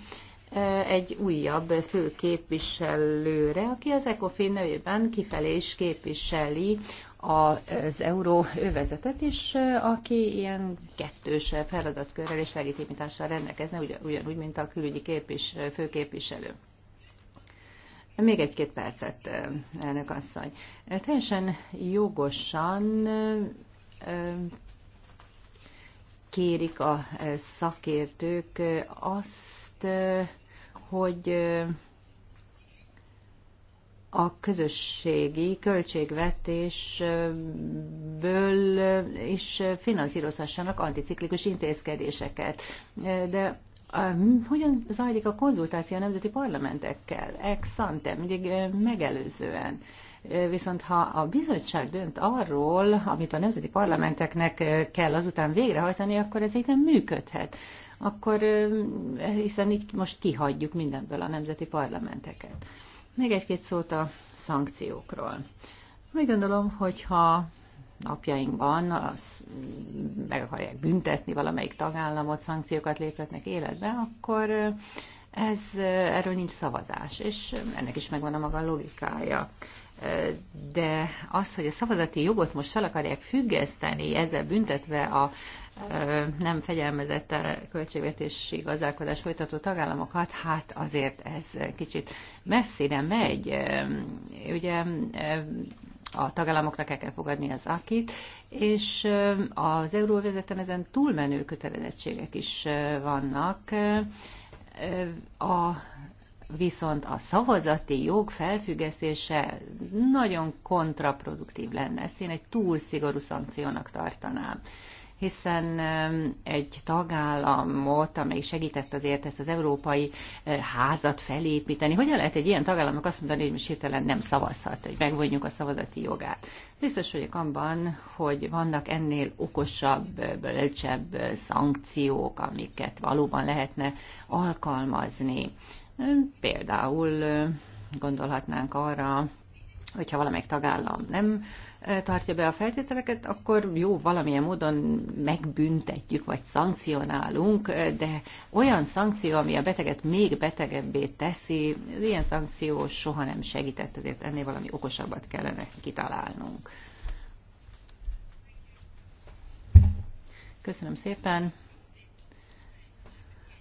egy újabb fő képviselőre, aki az ECOFIN nevében kifelé is képviseli az euró övezetet, és aki ilyen kettős feladatkörrel és legitimitással rendelkezne, ugyanúgy, mint a külügyi képvis, főképviselő. Még egy-két percet, elnök asszony. Teljesen jogosan kérik a szakértők azt, hogy a közösségi költségvetésből is finanszírozhassanak anticiklikus intézkedéseket. De hogyan zajlik a konzultáció a nemzeti parlamentekkel? Ex ante, mindig megelőzően. Viszont ha a bizottság dönt arról, amit a nemzeti parlamenteknek kell azután végrehajtani, akkor ez így nem működhet. Akkor hiszen így most kihagyjuk mindenből a nemzeti parlamenteket. Még egy-két szót a szankciókról. Úgy gondolom, hogyha napjainkban az mm, meg akarják büntetni valamelyik tagállamot, szankciókat léphetnek életbe, akkor ez, erről nincs szavazás, és ennek is megvan a maga logikája de az, hogy a szavazati jogot most fel akarják függeszteni, ezzel büntetve a nem fegyelmezett költségvetési gazdálkodás folytató tagállamokat, hát azért ez kicsit messzire megy. Ugye a tagállamoknak el kell fogadni az akit, és az euróvezeten ezen túlmenő kötelezettségek is vannak. A viszont a szavazati jog felfüggesztése nagyon kontraproduktív lenne. Ezt én egy túl szigorú szankciónak tartanám hiszen egy tagállamot, amely segített azért ezt az európai eh, házat felépíteni, hogyan lehet egy ilyen tagállamnak azt mondani, hogy most hirtelen nem szavazhat, hogy megvonjuk a szavazati jogát? Biztos vagyok abban, hogy vannak ennél okosabb, eh, bölcsebb eh, szankciók, amiket valóban lehetne alkalmazni. Például gondolhatnánk arra, hogyha valamelyik tagállam nem tartja be a feltételeket, akkor jó, valamilyen módon megbüntetjük, vagy szankcionálunk, de olyan szankció, ami a beteget még betegebbé teszi, az ilyen szankció soha nem segített, ezért ennél valami okosabbat kellene kitalálnunk. Köszönöm szépen!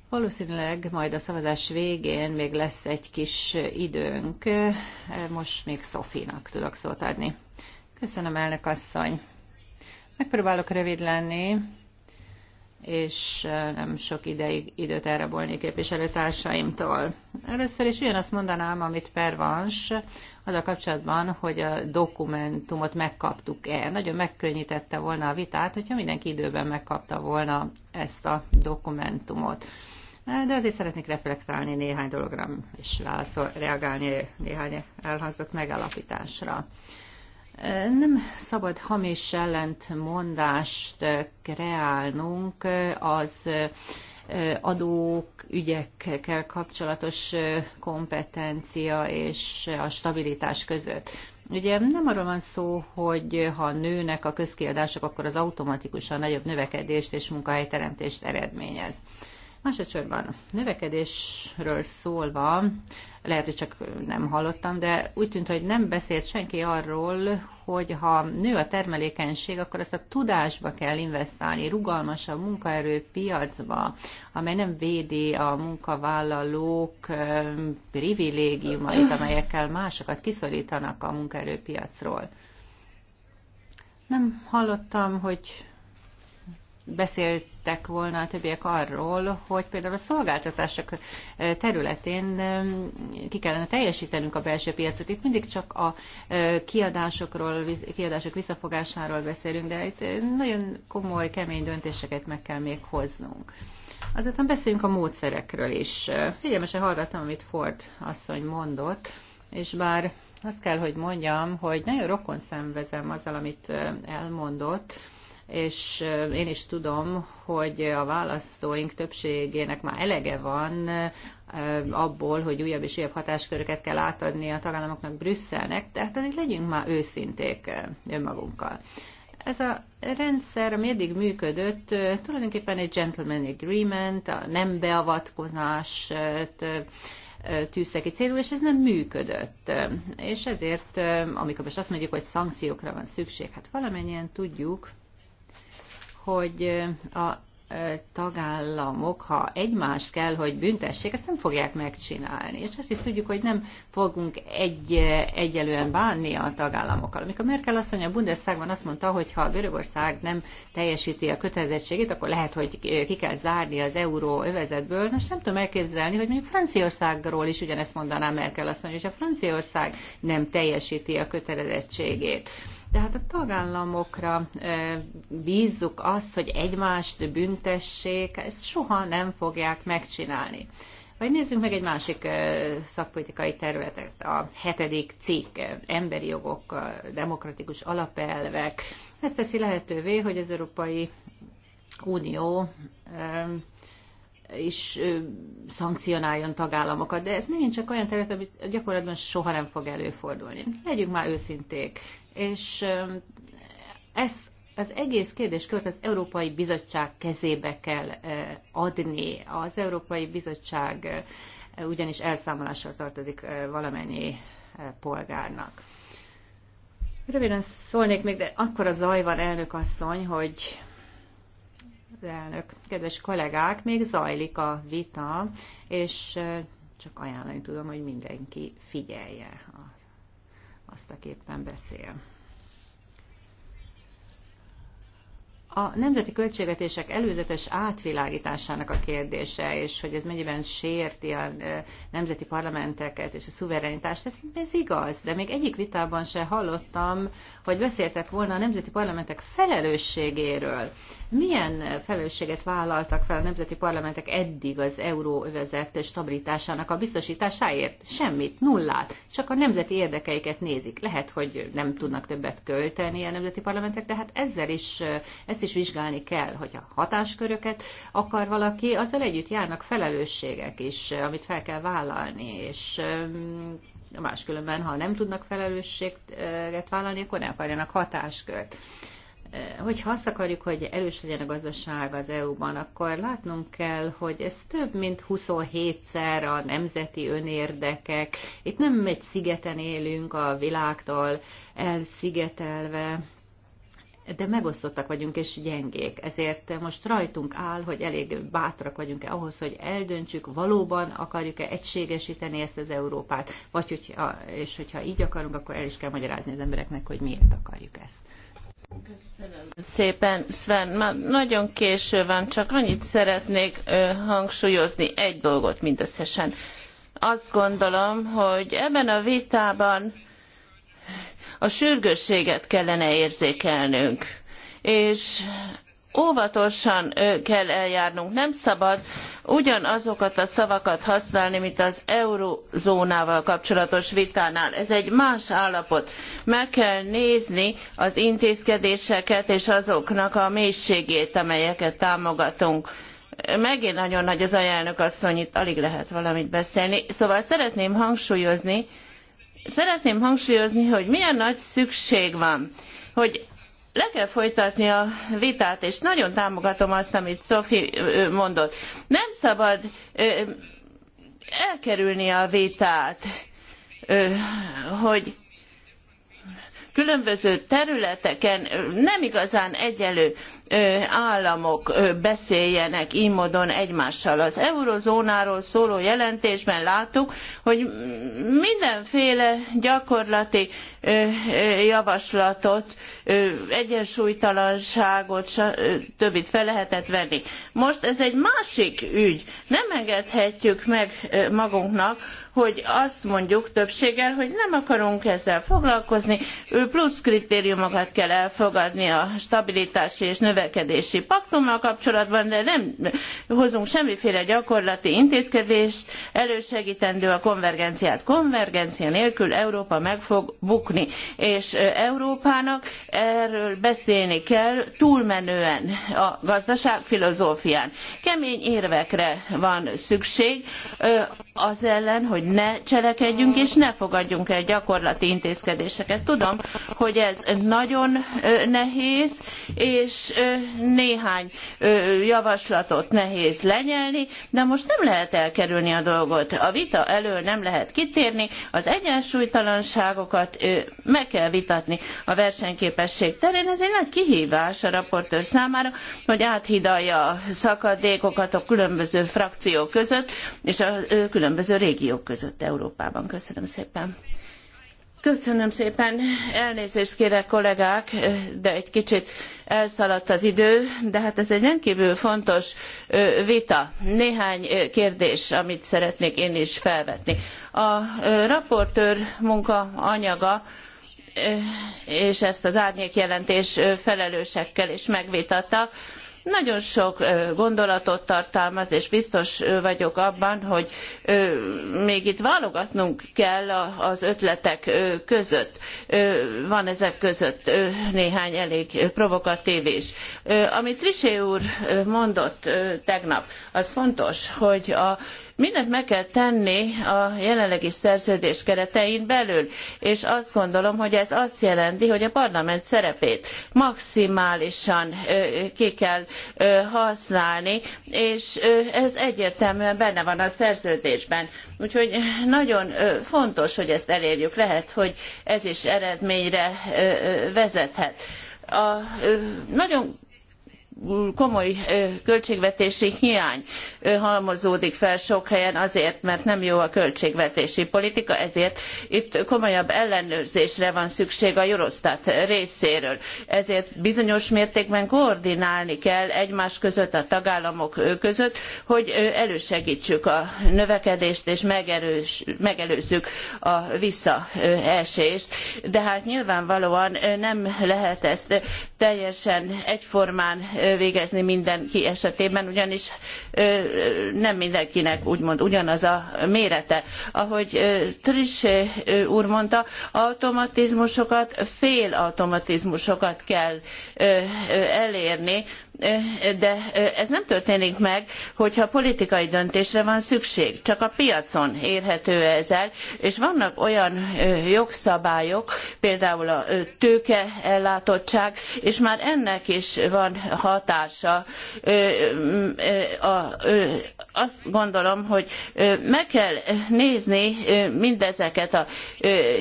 Valószínűleg majd a szavazás végén még lesz egy kis időnk. Most még Szofinak tudok szót adni. Köszönöm, elnök asszony. Megpróbálok rövid lenni, és nem sok ideig időt elrabolni képviselőtársaimtól. Először is ugyanazt mondanám, amit Pervans, az a kapcsolatban, hogy a dokumentumot megkaptuk-e. Nagyon megkönnyítette volna a vitát, hogyha mindenki időben megkapta volna ezt a dokumentumot. De azért szeretnék reflektálni néhány dologra, és válaszol, reagálni néhány elhangzott megállapításra. Nem szabad hamis ellentmondást kreálnunk az adók, ügyekkel kapcsolatos kompetencia és a stabilitás között. Ugye nem arról van szó, hogy ha nőnek a közkiadások, akkor az automatikusan nagyobb növekedést és munkahelyteremtést eredményez. Másodszorban növekedésről szólva, lehet, hogy csak nem hallottam, de úgy tűnt, hogy nem beszélt senki arról, hogy ha nő a termelékenység, akkor ezt a tudásba kell investálni, rugalmas a munkaerőpiacba, amely nem védi a munkavállalók privilégiumait, amelyekkel másokat kiszorítanak a munkaerőpiacról. Nem hallottam, hogy beszéltek volna a többiek arról, hogy például a szolgáltatások területén ki kellene teljesítenünk a belső piacot. Itt mindig csak a kiadásokról, kiadások visszafogásáról beszélünk, de itt nagyon komoly, kemény döntéseket meg kell még hoznunk. Azután beszéljünk a módszerekről is. Figyelmesen hallgattam, amit Ford asszony mondott, és bár azt kell, hogy mondjam, hogy nagyon rokon szemvezem azzal, amit elmondott, és én is tudom, hogy a választóink többségének már elege van abból, hogy újabb és újabb hatásköröket kell átadni a tagállamoknak Brüsszelnek, tehát azért legyünk már őszinték önmagunkkal. Ez a rendszer, ami eddig működött, tulajdonképpen egy gentleman agreement, a nem beavatkozást tűzte ki célul, és ez nem működött. És ezért, amikor most azt mondjuk, hogy szankciókra van szükség, hát valamennyien tudjuk, hogy a tagállamok, ha egymást kell, hogy büntessék, ezt nem fogják megcsinálni. És azt is tudjuk, hogy nem fogunk egy, egyelően bánni a tagállamokkal. Amikor Merkel asszony a Bundestagban azt mondta, hogy ha Görögország nem teljesíti a kötelezettségét, akkor lehet, hogy ki kell zárni az euró övezetből. Most nem tudom elképzelni, hogy mondjuk Franciaországról is ugyanezt mondaná Merkel asszony, a Franciaország nem teljesíti a kötelezettségét tehát a tagállamokra bízzuk azt, hogy egymást büntessék, ezt soha nem fogják megcsinálni. Vagy nézzünk meg egy másik szakpolitikai területet, a hetedik cikk, emberi jogok, demokratikus alapelvek. Ez teszi lehetővé, hogy az Európai Unió is szankcionáljon tagállamokat, de ez megint csak olyan terület, amit gyakorlatban soha nem fog előfordulni. Legyünk már őszinték és ez az egész kérdéskört az Európai Bizottság kezébe kell adni. Az Európai Bizottság ugyanis elszámolással tartozik valamennyi polgárnak. Röviden szólnék még, de akkor a zaj van, elnök asszony, hogy elnök, kedves kollégák, még zajlik a vita, és csak ajánlani tudom, hogy mindenki figyelje a azt a képen beszél. A nemzeti költségvetések előzetes átvilágításának a kérdése, és hogy ez mennyiben sérti a e, nemzeti parlamenteket és a szuverenitást, ez, ez igaz, de még egyik vitában se hallottam, hogy beszéltek volna a nemzeti parlamentek felelősségéről. Milyen felelősséget vállaltak fel a nemzeti parlamentek eddig az euróövezet stabilitásának a biztosításáért? Semmit, nullát. Csak a nemzeti érdekeiket nézik. Lehet, hogy nem tudnak többet költeni a nemzeti parlamentek, de hát ezzel is, e, ezt is is vizsgálni kell, hogy a hatásköröket akar valaki, azzal együtt járnak felelősségek is, amit fel kell vállalni, és máskülönben, ha nem tudnak felelősséget vállalni, akkor ne akarjanak hatáskört hogyha azt akarjuk, hogy erős legyen a gazdaság az EU-ban, akkor látnunk kell, hogy ez több mint 27-szer a nemzeti önérdekek. Itt nem egy szigeten élünk a világtól elszigetelve, de megosztottak vagyunk és gyengék. Ezért most rajtunk áll, hogy elég bátrak vagyunk-e ahhoz, hogy eldöntsük, valóban akarjuk-e egységesíteni ezt az Európát, vagy hogyha, és hogyha így akarunk, akkor el is kell magyarázni az embereknek, hogy miért akarjuk ezt. Köszönöm. Szépen, Sven, már nagyon késő van, csak annyit szeretnék ö, hangsúlyozni, egy dolgot mindösszesen. Azt gondolom, hogy ebben a vitában a sürgősséget kellene érzékelnünk. És óvatosan kell eljárnunk. Nem szabad ugyanazokat a szavakat használni, mint az eurózónával kapcsolatos vitánál. Ez egy más állapot. Meg kell nézni az intézkedéseket és azoknak a mélységét, amelyeket támogatunk. Megint nagyon nagy az ajánlók asszony, itt alig lehet valamit beszélni. Szóval szeretném hangsúlyozni, szeretném hangsúlyozni, hogy milyen nagy szükség van, hogy le kell folytatni a vitát, és nagyon támogatom azt, amit Szofi mondott. Nem szabad elkerülni a vitát, hogy különböző területeken nem igazán egyenlő államok beszéljenek így módon egymással. Az eurozónáról szóló jelentésben láttuk, hogy mindenféle gyakorlati javaslatot, egyensúlytalanságot, többit fel lehetett venni. Most ez egy másik ügy. Nem engedhetjük meg magunknak, hogy azt mondjuk többséggel, hogy nem akarunk ezzel foglalkozni, plusz kritériumokat kell elfogadni a stabilitási és növekedési paktummal kapcsolatban, de nem hozunk semmiféle gyakorlati intézkedést, elősegítendő a konvergenciát. Konvergencia nélkül Európa meg fog bukni, és Európának erről beszélni kell túlmenően a gazdaságfilozófián. Kemény érvekre van szükség az ellen, hogy ne cselekedjünk és ne fogadjunk el gyakorlati intézkedéseket. Tudom, hogy ez nagyon nehéz, és néhány javaslatot nehéz lenyelni, de most nem lehet elkerülni a dolgot. A vita elől nem lehet kitérni, az egyensúlytalanságokat meg kell vitatni a versenyképesség terén. Ez egy nagy kihívás a raportőr számára, hogy áthidalja a szakadékokat a különböző frakciók között, és a különböző különböző régiók között Európában. Köszönöm szépen. Köszönöm szépen, elnézést kérek kollégák, de egy kicsit elszaladt az idő, de hát ez egy rendkívül fontos vita. Néhány kérdés, amit szeretnék én is felvetni. A raportőr munka anyaga és ezt az jelentés felelősekkel is megvitatta. Nagyon sok gondolatot tartalmaz, és biztos vagyok abban, hogy még itt válogatnunk kell az ötletek között. Van ezek között néhány elég provokatív is. Amit Trisé úr mondott tegnap, az fontos, hogy a Mindent meg kell tenni a jelenlegi szerződés keretein belül, és azt gondolom, hogy ez azt jelenti, hogy a parlament szerepét maximálisan ki kell használni, és ez egyértelműen benne van a szerződésben. Úgyhogy nagyon fontos, hogy ezt elérjük. Lehet, hogy ez is eredményre vezethet. A, nagyon komoly költségvetési hiány halmozódik fel sok helyen azért, mert nem jó a költségvetési politika, ezért itt komolyabb ellenőrzésre van szükség a Eurostat részéről. Ezért bizonyos mértékben koordinálni kell egymás között, a tagállamok között, hogy elősegítsük a növekedést és megerős, megelőzzük a visszaesést. De hát nyilvánvalóan nem lehet ezt teljesen egyformán végezni mindenki esetében, ugyanis nem mindenkinek úgymond ugyanaz a mérete. Ahogy Trissé úr mondta, automatizmusokat, félautomatizmusokat kell elérni, de ez nem történik meg, hogyha politikai döntésre van szükség. Csak a piacon érhető ez el, és vannak olyan jogszabályok, például a tőke ellátottság, és már ennek is van hatása. Azt gondolom, hogy meg kell nézni mindezeket a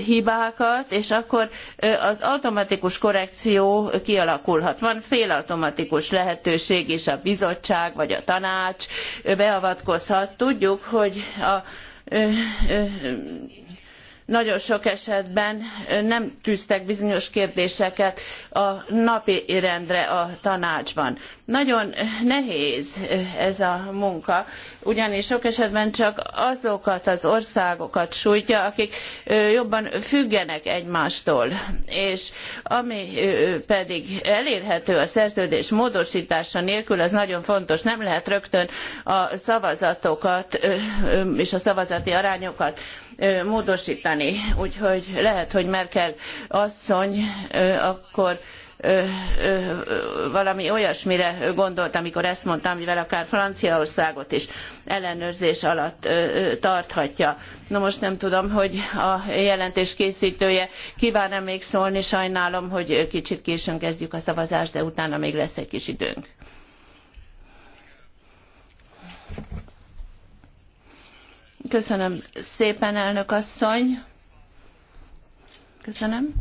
hibákat, és akkor az automatikus korrekció kialakulhat. Van félautomatikus lehetőség lehetőség, és a bizottság vagy a tanács beavatkozhat. Tudjuk, hogy a nagyon sok esetben nem tűztek bizonyos kérdéseket a napirendre a tanácsban. Nagyon nehéz ez a munka, ugyanis sok esetben csak azokat az országokat sújtja, akik jobban függenek egymástól. És ami pedig elérhető a szerződés módosítása nélkül, az nagyon fontos. Nem lehet rögtön a szavazatokat és a szavazati arányokat módosítani. Úgyhogy lehet, hogy Merkel asszony akkor valami olyasmire gondolt, amikor ezt mondtam, amivel akár Franciaországot is ellenőrzés alatt tarthatja. Na most nem tudom, hogy a jelentés készítője kíván-e még szólni, sajnálom, hogy kicsit későn kezdjük a szavazást, de utána még lesz egy kis időnk. Köszönöm szépen, elnök asszony. Köszönöm.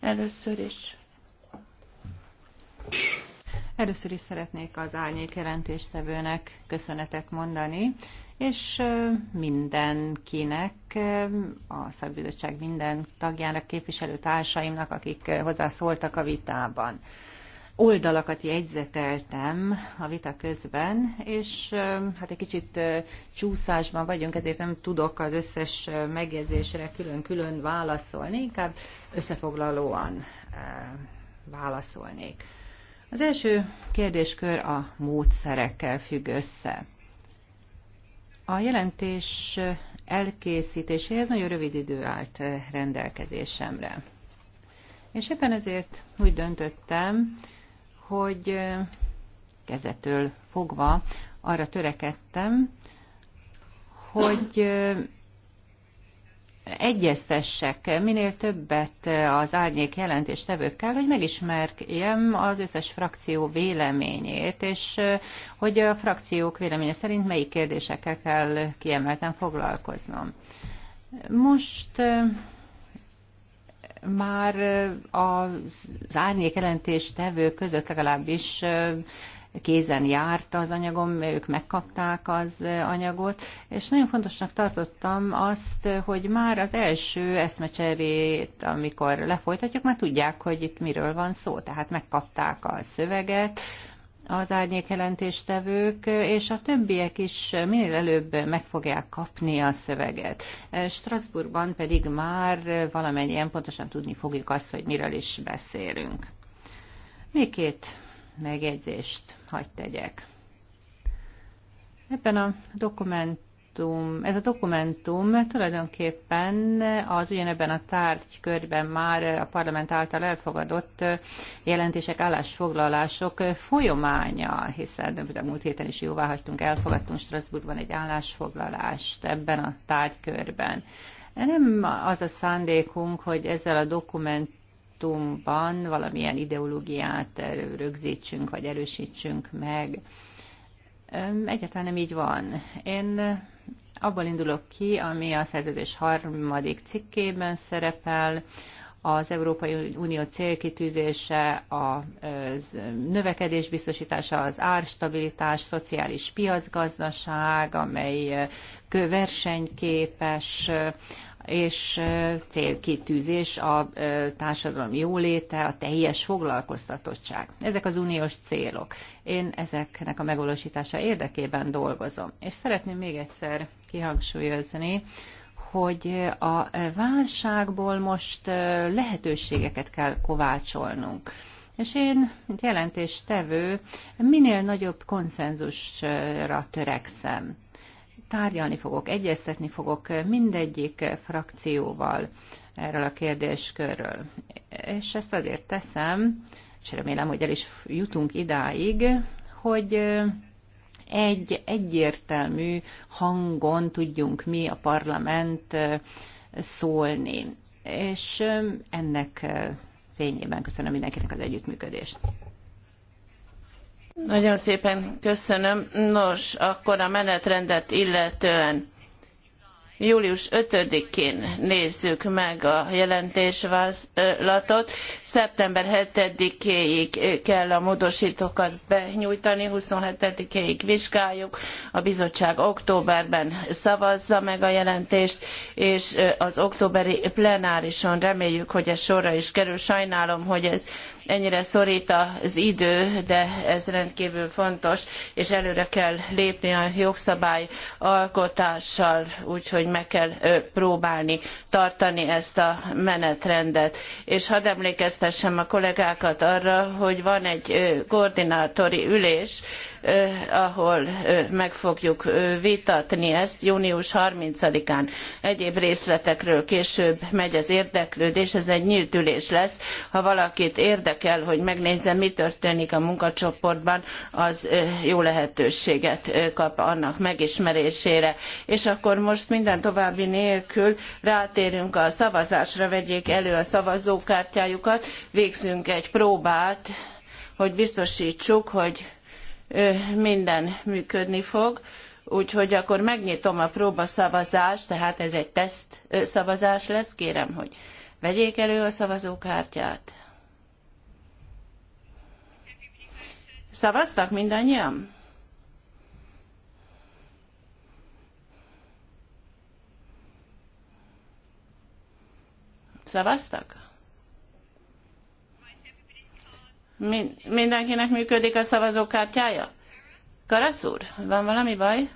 Először is. Először is szeretnék az árnyék jelentéstevőnek köszönetet mondani, és mindenkinek, a szakbizottság minden tagjának, képviselőtársaimnak, akik hozzászóltak a vitában oldalakat jegyzeteltem a vita közben, és hát egy kicsit csúszásban vagyunk, ezért nem tudok az összes megjegyzésre külön-külön válaszolni, inkább összefoglalóan válaszolnék. Az első kérdéskör a módszerekkel függ össze. A jelentés elkészítéséhez nagyon rövid idő állt rendelkezésemre. És éppen ezért úgy döntöttem, hogy kezdetől fogva arra törekedtem, hogy egyeztessek minél többet az árnyék jelentéstevőkkel, hogy megismerjem az összes frakció véleményét, és hogy a frakciók véleménye szerint melyik kérdésekkel kell kiemelten foglalkoznom. Most már az árnyék jelentés tevő között legalábbis kézen járt az anyagom, ők megkapták az anyagot, és nagyon fontosnak tartottam azt, hogy már az első eszmecserét, amikor lefolytatjuk, már tudják, hogy itt miről van szó, tehát megkapták a szöveget, az árnyék és a többiek is minél előbb meg fogják kapni a szöveget. Strasbourgban pedig már valamennyien pontosan tudni fogjuk azt, hogy miről is beszélünk. Még két megjegyzést hagyd tegyek. Ebben a dokument dokumentum, ez a dokumentum tulajdonképpen az ugyanebben a tárgykörben már a parlament által elfogadott jelentések, állásfoglalások folyománya, hiszen a múlt héten is jóvá hagytunk, elfogadtunk Strasbourgban egy állásfoglalást ebben a tárgykörben. Nem az a szándékunk, hogy ezzel a dokumentum dokumentumban valamilyen ideológiát rögzítsünk, vagy erősítsünk meg. Egyáltalán nem így van. Én eh, abból indulok ki, ami a szerződés harmadik cikkében szerepel, az Európai Unió célkitűzése, a eh, növekedés biztosítása, az árstabilitás, szociális piacgazdaság, amely eh, versenyképes, és célkitűzés a társadalom jóléte, a teljes foglalkoztatottság. Ezek az uniós célok. Én ezeknek a megvalósítása érdekében dolgozom. És szeretném még egyszer kihangsúlyozni, hogy a válságból most lehetőségeket kell kovácsolnunk. És én, mint jelentéstevő, minél nagyobb konszenzusra törekszem tárgyalni fogok, egyeztetni fogok mindegyik frakcióval erről a kérdéskörről. És ezt azért teszem, és remélem, hogy el is jutunk idáig, hogy egy egyértelmű hangon tudjunk mi a parlament szólni. És ennek fényében köszönöm mindenkinek az együttműködést. Nagyon szépen köszönöm. Nos, akkor a menetrendet illetően július 5-én nézzük meg a jelentésvázlatot. Szeptember 7-éig kell a módosítókat benyújtani, 27-éig vizsgáljuk, a bizottság októberben szavazza meg a jelentést, és az októberi plenárison reméljük, hogy ez sorra is kerül. Sajnálom, hogy ez ennyire szorít az idő, de ez rendkívül fontos, és előre kell lépni a jogszabály alkotással, úgyhogy meg kell próbálni tartani ezt a menetrendet. És hadd emlékeztessem a kollégákat arra, hogy van egy koordinátori ülés, ahol meg fogjuk vitatni ezt június 30-án. Egyéb részletekről később megy az érdeklődés, ez egy nyílt ülés lesz. Ha valakit érdekel, hogy megnézze, mi történik a munkacsoportban, az jó lehetőséget kap annak megismerésére. És akkor most minden további nélkül rátérünk a szavazásra, vegyék elő a szavazókártyájukat, végzünk egy próbát, hogy biztosítsuk, hogy minden működni fog. Úgyhogy akkor megnyitom a próbaszavazást, tehát ez egy teszt szavazás lesz. Kérem, hogy vegyék elő a szavazókártyát. Szavaztak mindannyian? Szavaztak? mindenkinek működik a szavazókártyája? Karasz úr, van valami baj?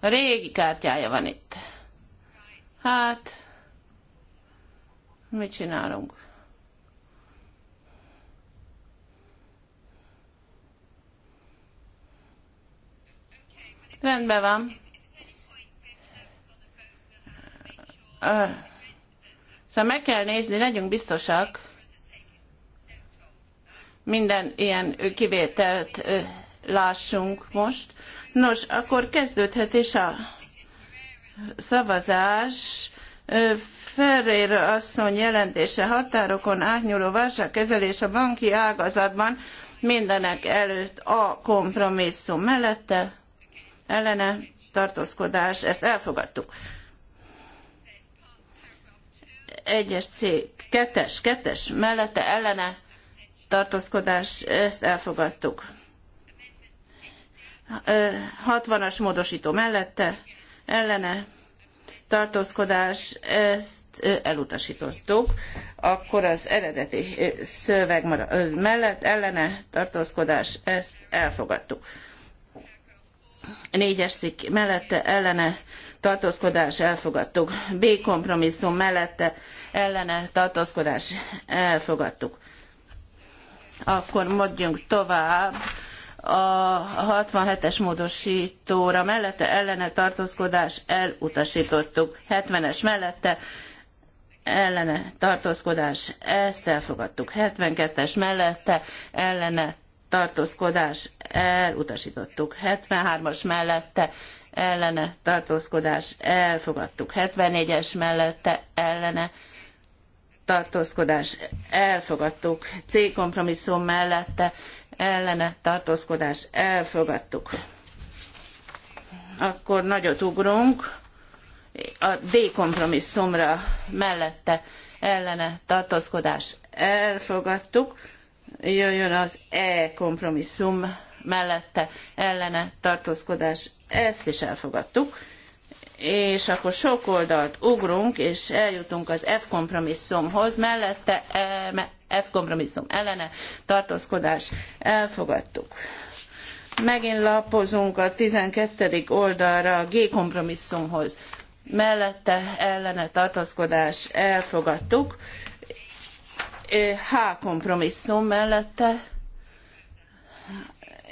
A régi kártyája van itt. Hát, mit csinálunk? Rendben van. Szóval meg kell nézni, legyünk biztosak, minden ilyen kivételt lássunk most. Nos, akkor kezdődhet is a szavazás. Ferreira asszony jelentése határokon átnyúló válságkezelés a banki ágazatban mindenek előtt a kompromisszum mellette ellene tartózkodás, ezt elfogadtuk. Egyes cég, kettes, kettes mellette ellene tartózkodás, ezt elfogadtuk. 60-as módosító mellette, ellene, tartózkodás, ezt elutasítottuk, akkor az eredeti szöveg mellett ellene tartózkodás, ezt elfogadtuk. Négyes cikk mellette ellene tartózkodás elfogadtuk. B kompromisszum mellette ellene tartózkodás elfogadtuk akkor mondjunk tovább a 67-es módosítóra mellette ellene tartózkodás elutasítottuk. 70-es mellette ellene tartózkodás ezt elfogadtuk. 72-es mellette ellene tartózkodás elutasítottuk. 73-as mellette ellene tartózkodás elfogadtuk. 74-es mellette ellene tartózkodás elfogadtuk. C kompromisszum mellette ellene tartózkodás elfogadtuk. Akkor nagyot ugrunk. A D kompromisszumra mellette ellene tartózkodás elfogadtuk. Jöjjön az E kompromisszum mellette ellene tartózkodás, ezt is elfogadtuk és akkor sok oldalt ugrunk, és eljutunk az F kompromisszumhoz, mellette e, F kompromisszum ellene tartózkodás elfogadtuk. Megint lapozunk a 12. oldalra a G kompromisszumhoz, mellette ellene tartózkodás elfogadtuk, e, H kompromisszum mellette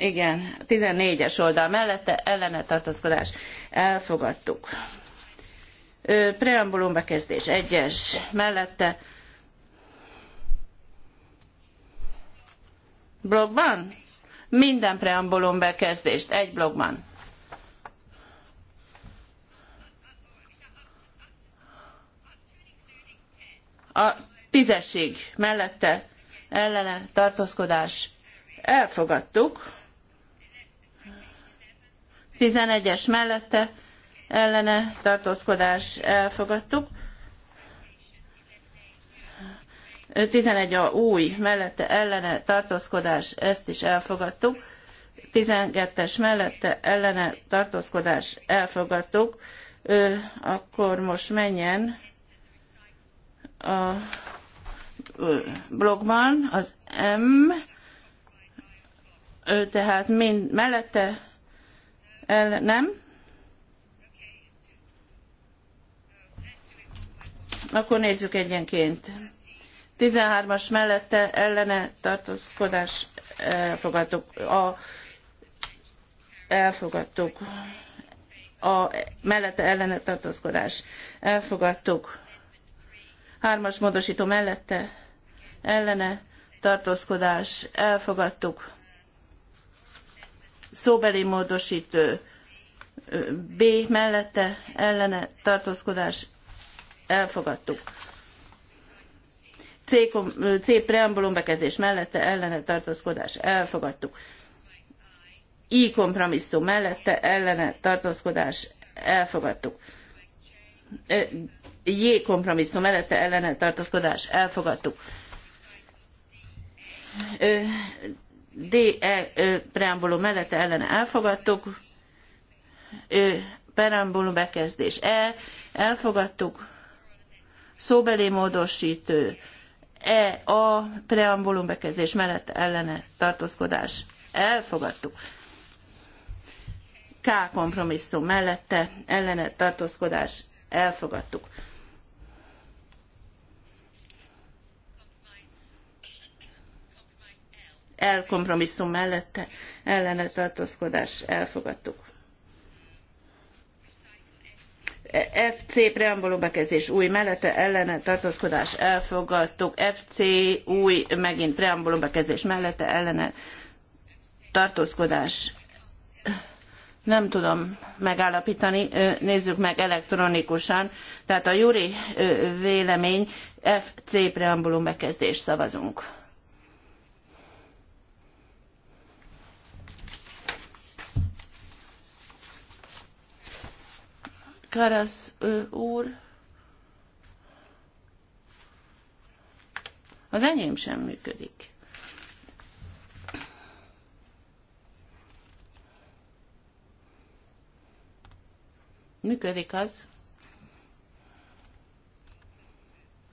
igen, 14-es oldal mellette ellene tartózkodás elfogadtuk. Preambulum bekezdés 1-es mellette blogban? Minden preambulum bekezdést egy blogban. A tízesig mellette ellene tartózkodás elfogadtuk. 11-es mellette ellene tartózkodás elfogadtuk. 11 a új mellette ellene tartózkodás, ezt is elfogadtuk. 12-es mellette ellene tartózkodás elfogadtuk. Ö, akkor most menjen a blogban az M, ö, tehát mind mellette el nem. Akkor nézzük egyenként. 13-as mellette ellene tartózkodás elfogadtuk. A, elfogadtuk. A mellette ellene tartózkodás elfogadtuk. Hármas módosító mellette ellene tartózkodás elfogadtuk szóbeli módosítő B mellette ellene tartózkodás elfogadtuk. C, C preambulum bekezdés mellette ellene tartózkodás elfogadtuk. I kompromisszum mellette ellene tartózkodás elfogadtuk. J kompromisszum mellette ellene tartózkodás elfogadtuk. DE preambulum mellette ellene elfogadtuk, preambulum bekezdés E, elfogadtuk, szóbeli módosítő, E, a preambulum bekezdés mellett ellene tartózkodás, elfogadtuk. K kompromisszum mellette ellene tartózkodás, elfogadtuk. elkompromisszum mellette ellene tartózkodás elfogadtuk. FC preambuló bekezdés új mellette ellene tartózkodás elfogadtuk. FC új megint preambuló bekezdés mellette ellene tartózkodás nem tudom megállapítani, nézzük meg elektronikusan. Tehát a Juri vélemény FC preambulum bekezdés szavazunk. Karasz úr, az enyém sem működik. Működik az.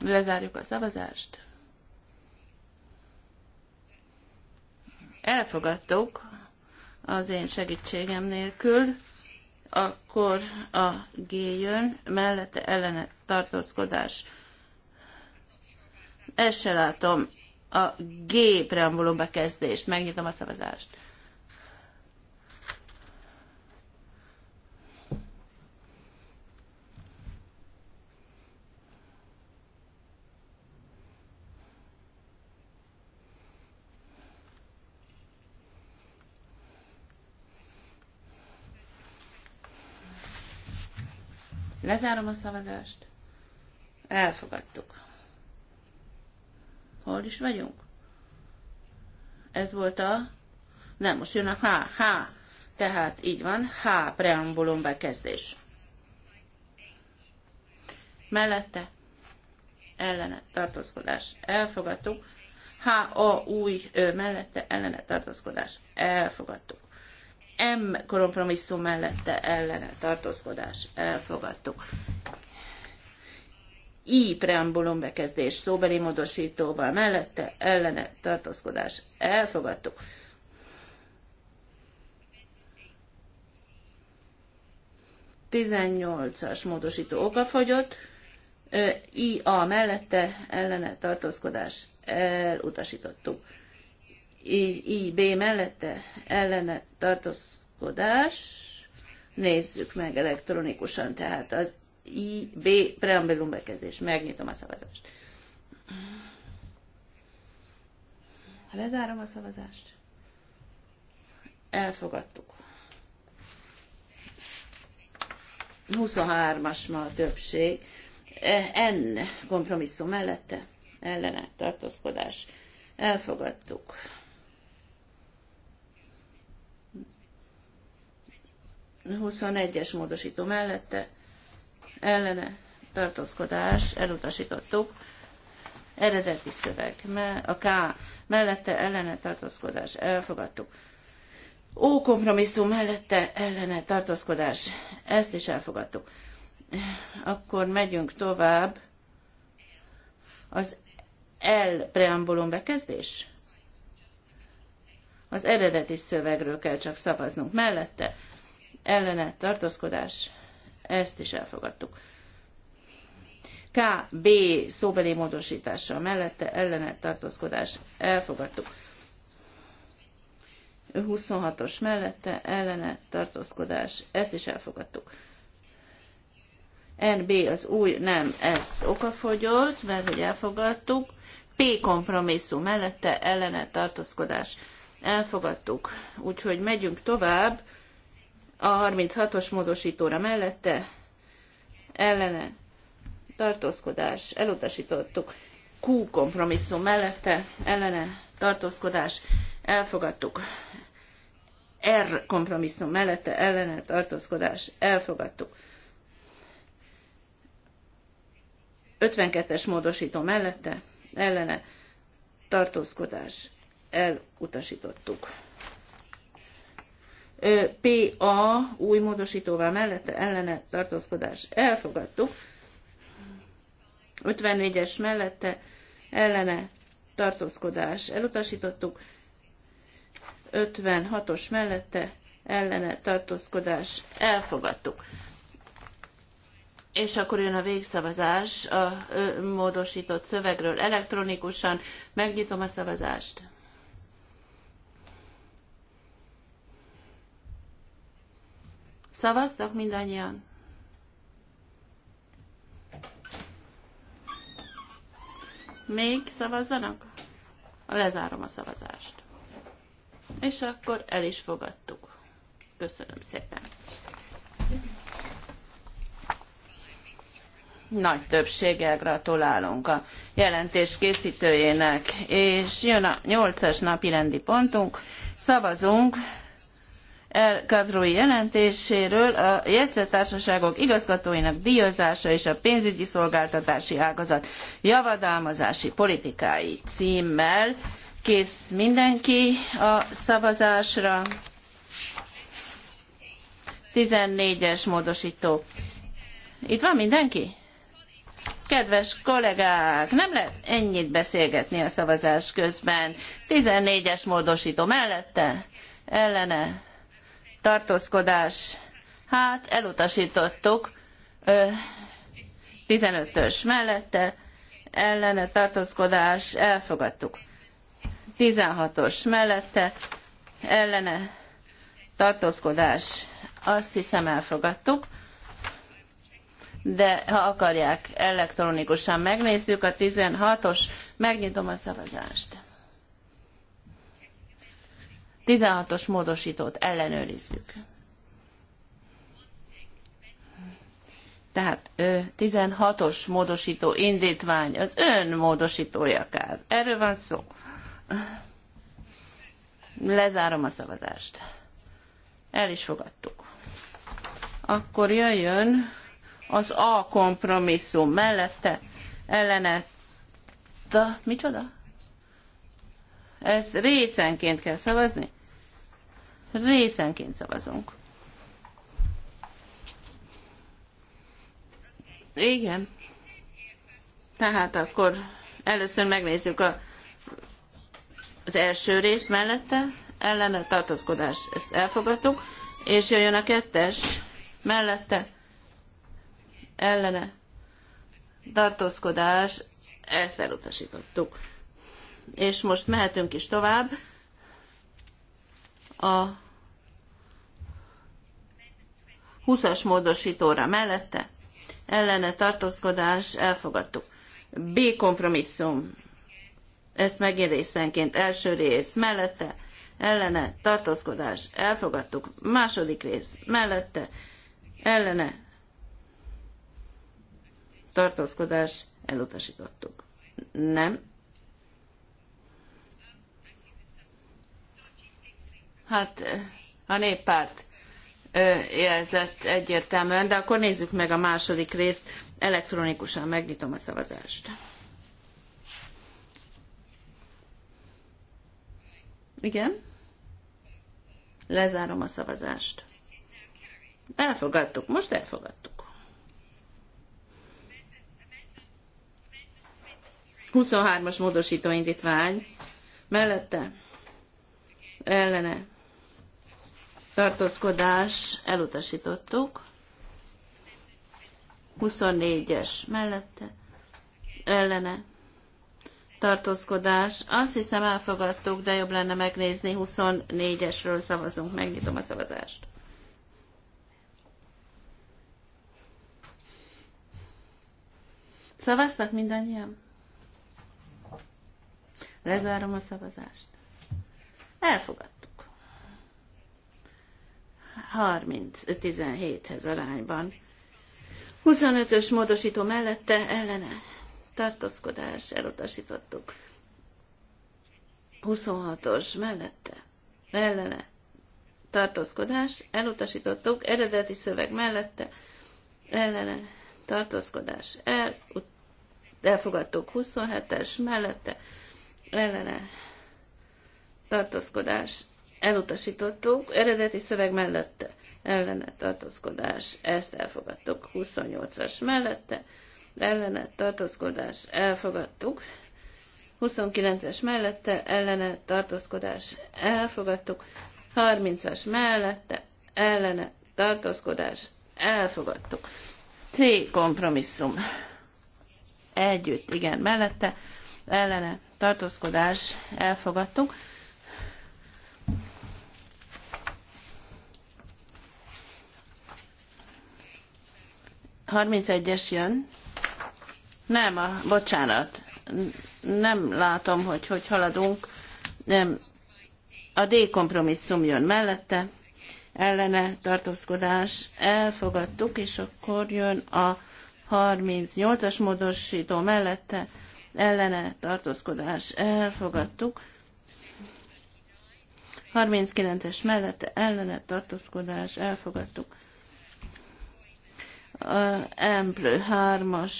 Lezárjuk a szavazást. Elfogadtuk az én segítségem nélkül akkor a G jön, mellette ellene tartózkodás. Ezt se látom. A G preambulum bekezdést. Megnyitom a szavazást. Lezárom a szavazást. Elfogadtuk. Hol is vagyunk? Ez volt a... Nem, most jön a H. H. Tehát így van, H preambulum bekezdés. Mellette ellene tartózkodás. Elfogadtuk. H a új ö, mellette ellene tartózkodás. Elfogadtuk. M kompromisszum mellette ellene tartózkodás elfogadtuk. I preambulum bekezdés szóbeli módosítóval mellette ellene tartózkodás elfogadtuk. Tizennyolcas módosító okafogyott, I a mellette ellene tartózkodás elutasítottuk. IB mellette ellene tartózkodás. Nézzük meg elektronikusan, tehát az IB preambulum bekezdés. Megnyitom a szavazást. Lezárom a szavazást. Elfogadtuk. 23-as ma a többség. E, N kompromisszum mellette ellene tartózkodás. Elfogadtuk. 21-es módosító mellette ellene tartózkodás elutasítottuk. Eredeti szöveg, a K mellette ellene tartózkodás elfogadtuk. Ó kompromisszum mellette ellene tartózkodás, ezt is elfogadtuk. Akkor megyünk tovább. Az L preambulum bekezdés? Az eredeti szövegről kell csak szavaznunk mellette ellene tartózkodás, ezt is elfogadtuk. K, B szóbeli módosítása mellette ellene tartózkodás, elfogadtuk. 26-os mellette ellene tartózkodás, ezt is elfogadtuk. NB az új, nem, ez okafogyott, mert hogy elfogadtuk. P kompromisszum mellette ellene tartózkodás, elfogadtuk. Úgyhogy megyünk tovább a 36-os módosítóra mellette ellene tartózkodás elutasítottuk. Q kompromisszum mellette ellene tartózkodás elfogadtuk. R kompromisszum mellette ellene tartózkodás elfogadtuk. 52-es módosító mellette ellene tartózkodás elutasítottuk. PA új módosítóval mellette ellene tartózkodás elfogadtuk. 54-es mellette ellene tartózkodás elutasítottuk. 56-os mellette ellene tartózkodás elfogadtuk. És akkor jön a végszavazás a módosított szövegről elektronikusan. Megnyitom a szavazást. Szavaztak mindannyian? Még szavazzanak? Lezárom a szavazást. És akkor el is fogadtuk. Köszönöm szépen. Nagy többséggel gratulálunk a jelentés készítőjének, és jön a nyolcas napi rendi pontunk. Szavazunk el Kadrói jelentéséről a jegyzettársaságok igazgatóinak díjazása és a pénzügyi szolgáltatási ágazat javadalmazási politikái címmel. Kész mindenki a szavazásra. 14-es módosító. Itt van mindenki? Kedves kollégák, nem lehet ennyit beszélgetni a szavazás közben. 14-es módosító mellette, ellene, tartózkodás, hát elutasítottuk, 15-ös mellette, ellene tartózkodás, elfogadtuk. 16-os mellette, ellene tartózkodás, azt hiszem elfogadtuk, de ha akarják, elektronikusan megnézzük a 16-os, megnyitom a szavazást. 16-os módosítót ellenőrizzük. Tehát 16-os módosító indítvány, az ön módosítója kár. Erről van szó. Lezárom a szavazást. El is fogadtuk. Akkor jöjjön az A kompromisszum mellette ellene. Da, micsoda? Ez részenként kell szavazni? Részenként szavazunk. Igen. Tehát akkor először megnézzük a, az első rész mellette, ellene tartózkodás, ezt elfogadtuk, és jöjjön a kettes mellette, ellene tartózkodás, ezt elutasítottuk. És most mehetünk is tovább a 20-as módosítóra mellette, ellene tartózkodás, elfogadtuk. B kompromisszum, ezt megérészenként első rész mellette, ellene tartózkodás, elfogadtuk. Második rész mellette, ellene tartózkodás, elutasítottuk. Nem, Hát a néppárt jelzett egyértelműen, de akkor nézzük meg a második részt. Elektronikusan megnyitom a szavazást. Igen? Lezárom a szavazást. Elfogadtuk, most elfogadtuk. 23-as módosító indítvány. Mellette? Ellene? tartózkodás elutasítottuk. 24-es mellette, ellene, tartózkodás. Azt hiszem elfogadtuk, de jobb lenne megnézni, 24-esről szavazunk, megnyitom a szavazást. Szavaztak mindannyian? Lezárom a szavazást. Elfogadt. 30-17-hez arányban. 25-ös módosító mellette ellene tartózkodás elutasítottuk. 26-os mellette ellene tartózkodás elutasítottuk. Eredeti szöveg mellette ellene tartózkodás el, elfogadtuk 27-es mellette ellene tartózkodás elutasítottuk, eredeti szöveg mellette ellenet tartózkodás, ezt elfogadtuk, 28-as mellette ellenet tartózkodás, elfogadtuk, 29-es mellette ellenet tartózkodás, elfogadtuk, 30-as mellette ellenet tartózkodás, elfogadtuk. C kompromisszum. Együtt, igen, mellette ellene tartózkodás, elfogadtuk. 31-es jön. Nem, a, bocsánat. Nem látom, hogy hogy haladunk. Nem. A D kompromisszum jön mellette. Ellene tartózkodás elfogadtuk, és akkor jön a 38-as módosító mellette. Ellene tartózkodás elfogadtuk. 39-es mellette ellene tartózkodás elfogadtuk a Emplő 3-as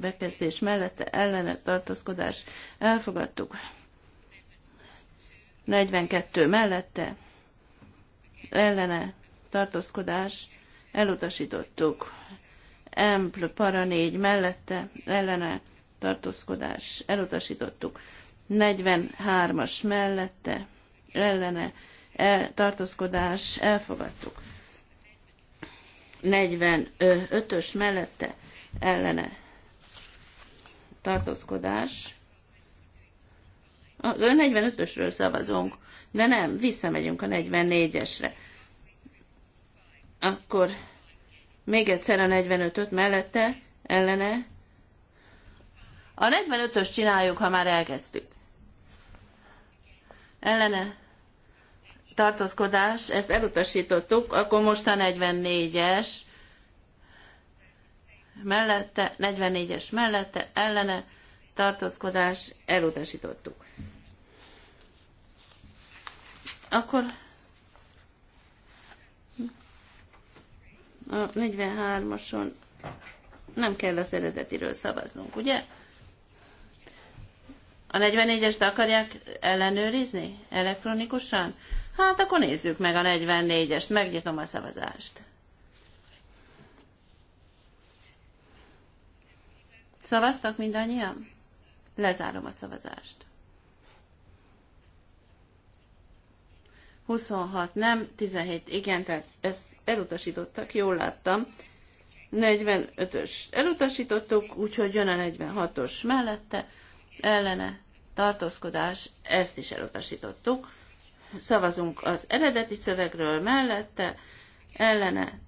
bekezdés mellette ellene tartózkodás elfogadtuk. 42 mellette ellene tartózkodás elutasítottuk. Emplő para 4 mellette ellene tartózkodás elutasítottuk. 43-as mellette ellene e, tartózkodás elfogadtuk. 45-ös mellette ellene tartózkodás. A 45-ösről szavazunk, de nem, visszamegyünk a 44-esre. Akkor még egyszer a 45-öt mellette ellene. A 45-ös csináljuk, ha már elkezdtük. Ellene tartózkodás, ezt elutasítottuk, akkor most a 44-es mellette, 44-es mellette, ellene tartózkodás, elutasítottuk. Akkor a 43-ason nem kell az eredetiről szavaznunk, ugye? A 44-est akarják ellenőrizni elektronikusan? Hát akkor nézzük meg a 44-est, megnyitom a szavazást. Szavaztak mindannyian? Lezárom a szavazást. 26 nem, 17 igen, tehát ezt elutasítottak, jól láttam. 45-ös elutasítottuk, úgyhogy jön a 46-os mellette, ellene tartózkodás, ezt is elutasítottuk. Szavazunk az eredeti szövegről mellette, ellene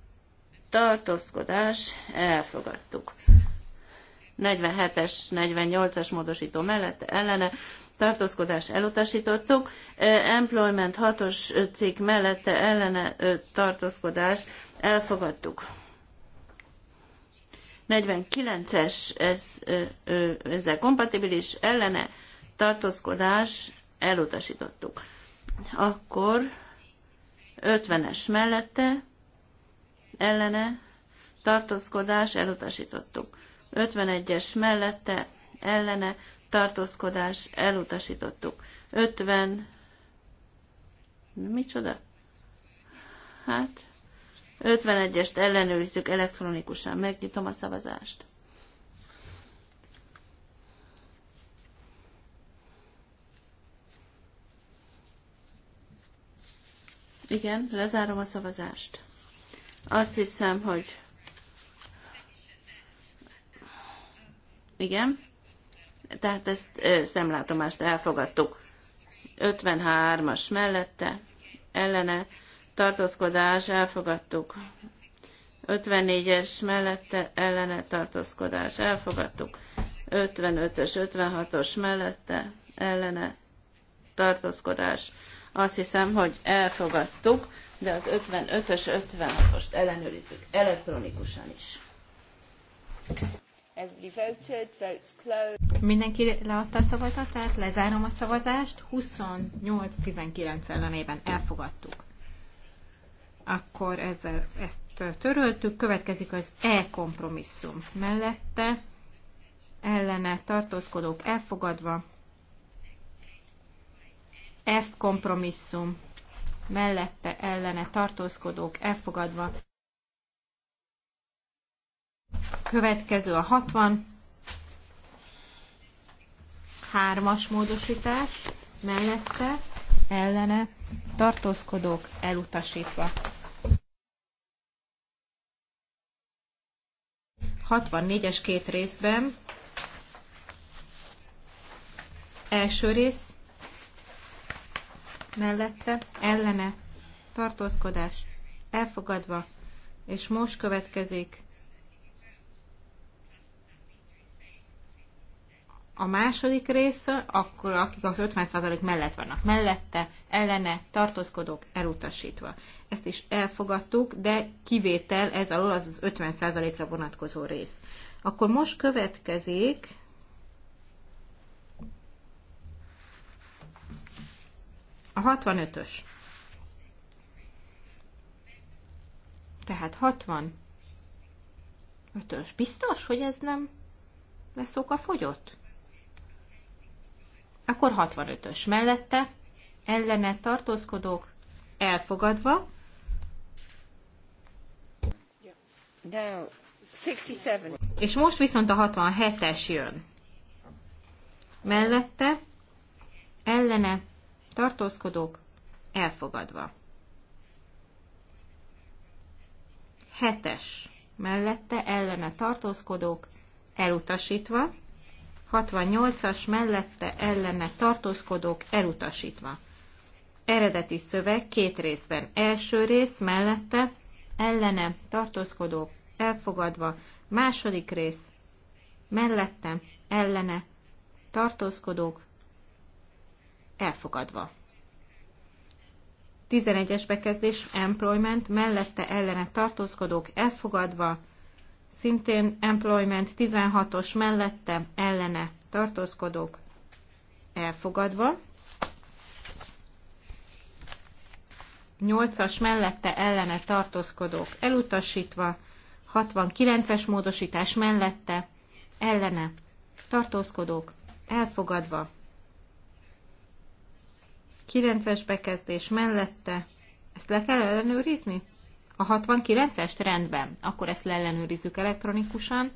tartózkodás, elfogadtuk. 47-es, 48-as módosító mellette, ellene tartózkodás elutasítottuk, employment 6-os cikk mellette ellene tartózkodás elfogadtuk. 49-es, ez, ezzel kompatibilis ellene tartózkodás elutasítottuk akkor 50-es mellette ellene tartózkodás elutasítottuk. 51-es mellette ellene tartózkodás elutasítottuk. 50 micsoda? Hát 51-est ellenőrizzük elektronikusan, megnyitom a szavazást. Igen, lezárom a szavazást. Azt hiszem, hogy... Igen. Tehát ezt szemlátomást elfogadtuk. 53-as mellette, ellene, tartózkodás, elfogadtuk. 54-es mellette, ellene, tartózkodás, elfogadtuk. 55-ös, 56-os mellette, ellene, tartózkodás, elfogadtuk azt hiszem, hogy elfogadtuk, de az 55-ös, 56-ost ellenőrizzük elektronikusan is. Voted, votes closed. Mindenki leadta a szavazatát, lezárom a szavazást, 28-19 ellenében elfogadtuk. Akkor ezzel ezt töröltük, következik az e-kompromisszum mellette, ellene tartózkodók elfogadva, F kompromisszum mellette ellene tartózkodók elfogadva. Következő a 60. Hármas módosítás mellette ellene tartózkodók elutasítva. 64-es két részben. Első rész mellette ellene tartózkodás elfogadva, és most következik a második része, akkor akik az 50% mellett vannak mellette, ellene tartózkodók elutasítva. Ezt is elfogadtuk, de kivétel ez alól az 50%-ra vonatkozó rész. Akkor most következik A 65-ös. Tehát 65-ös. Biztos, hogy ez nem lesz a fogyott? Akkor 65-ös mellette, ellene tartózkodók, elfogadva. Now, 67. És most viszont a 67-es jön. Mellette, ellene tartózkodók, elfogadva. Hetes mellette ellene tartózkodók, elutasítva. 68-as mellette ellene tartózkodók, elutasítva. Eredeti szöveg két részben. Első rész mellette ellene tartózkodók, elfogadva. Második rész mellette ellene tartózkodók, elfogadva. 11-es bekezdés employment, mellette ellene tartózkodók elfogadva, szintén employment 16-os mellette ellene tartózkodók elfogadva, 8-as mellette ellene tartózkodók elutasítva, 69-es módosítás mellette ellene tartózkodók elfogadva, 9-es bekezdés mellette. Ezt le kell ellenőrizni? A 69-est rendben. Akkor ezt leellenőrizzük elektronikusan.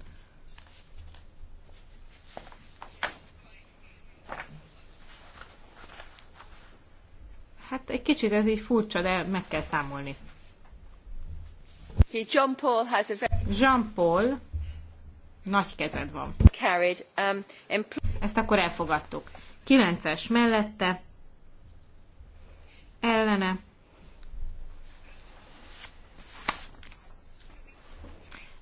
Hát egy kicsit ez így furcsa, de meg kell számolni. Jean Paul has a very... Jean Paul nagy kezed van. Um, ezt akkor elfogadtuk. 9-es mellette ellene.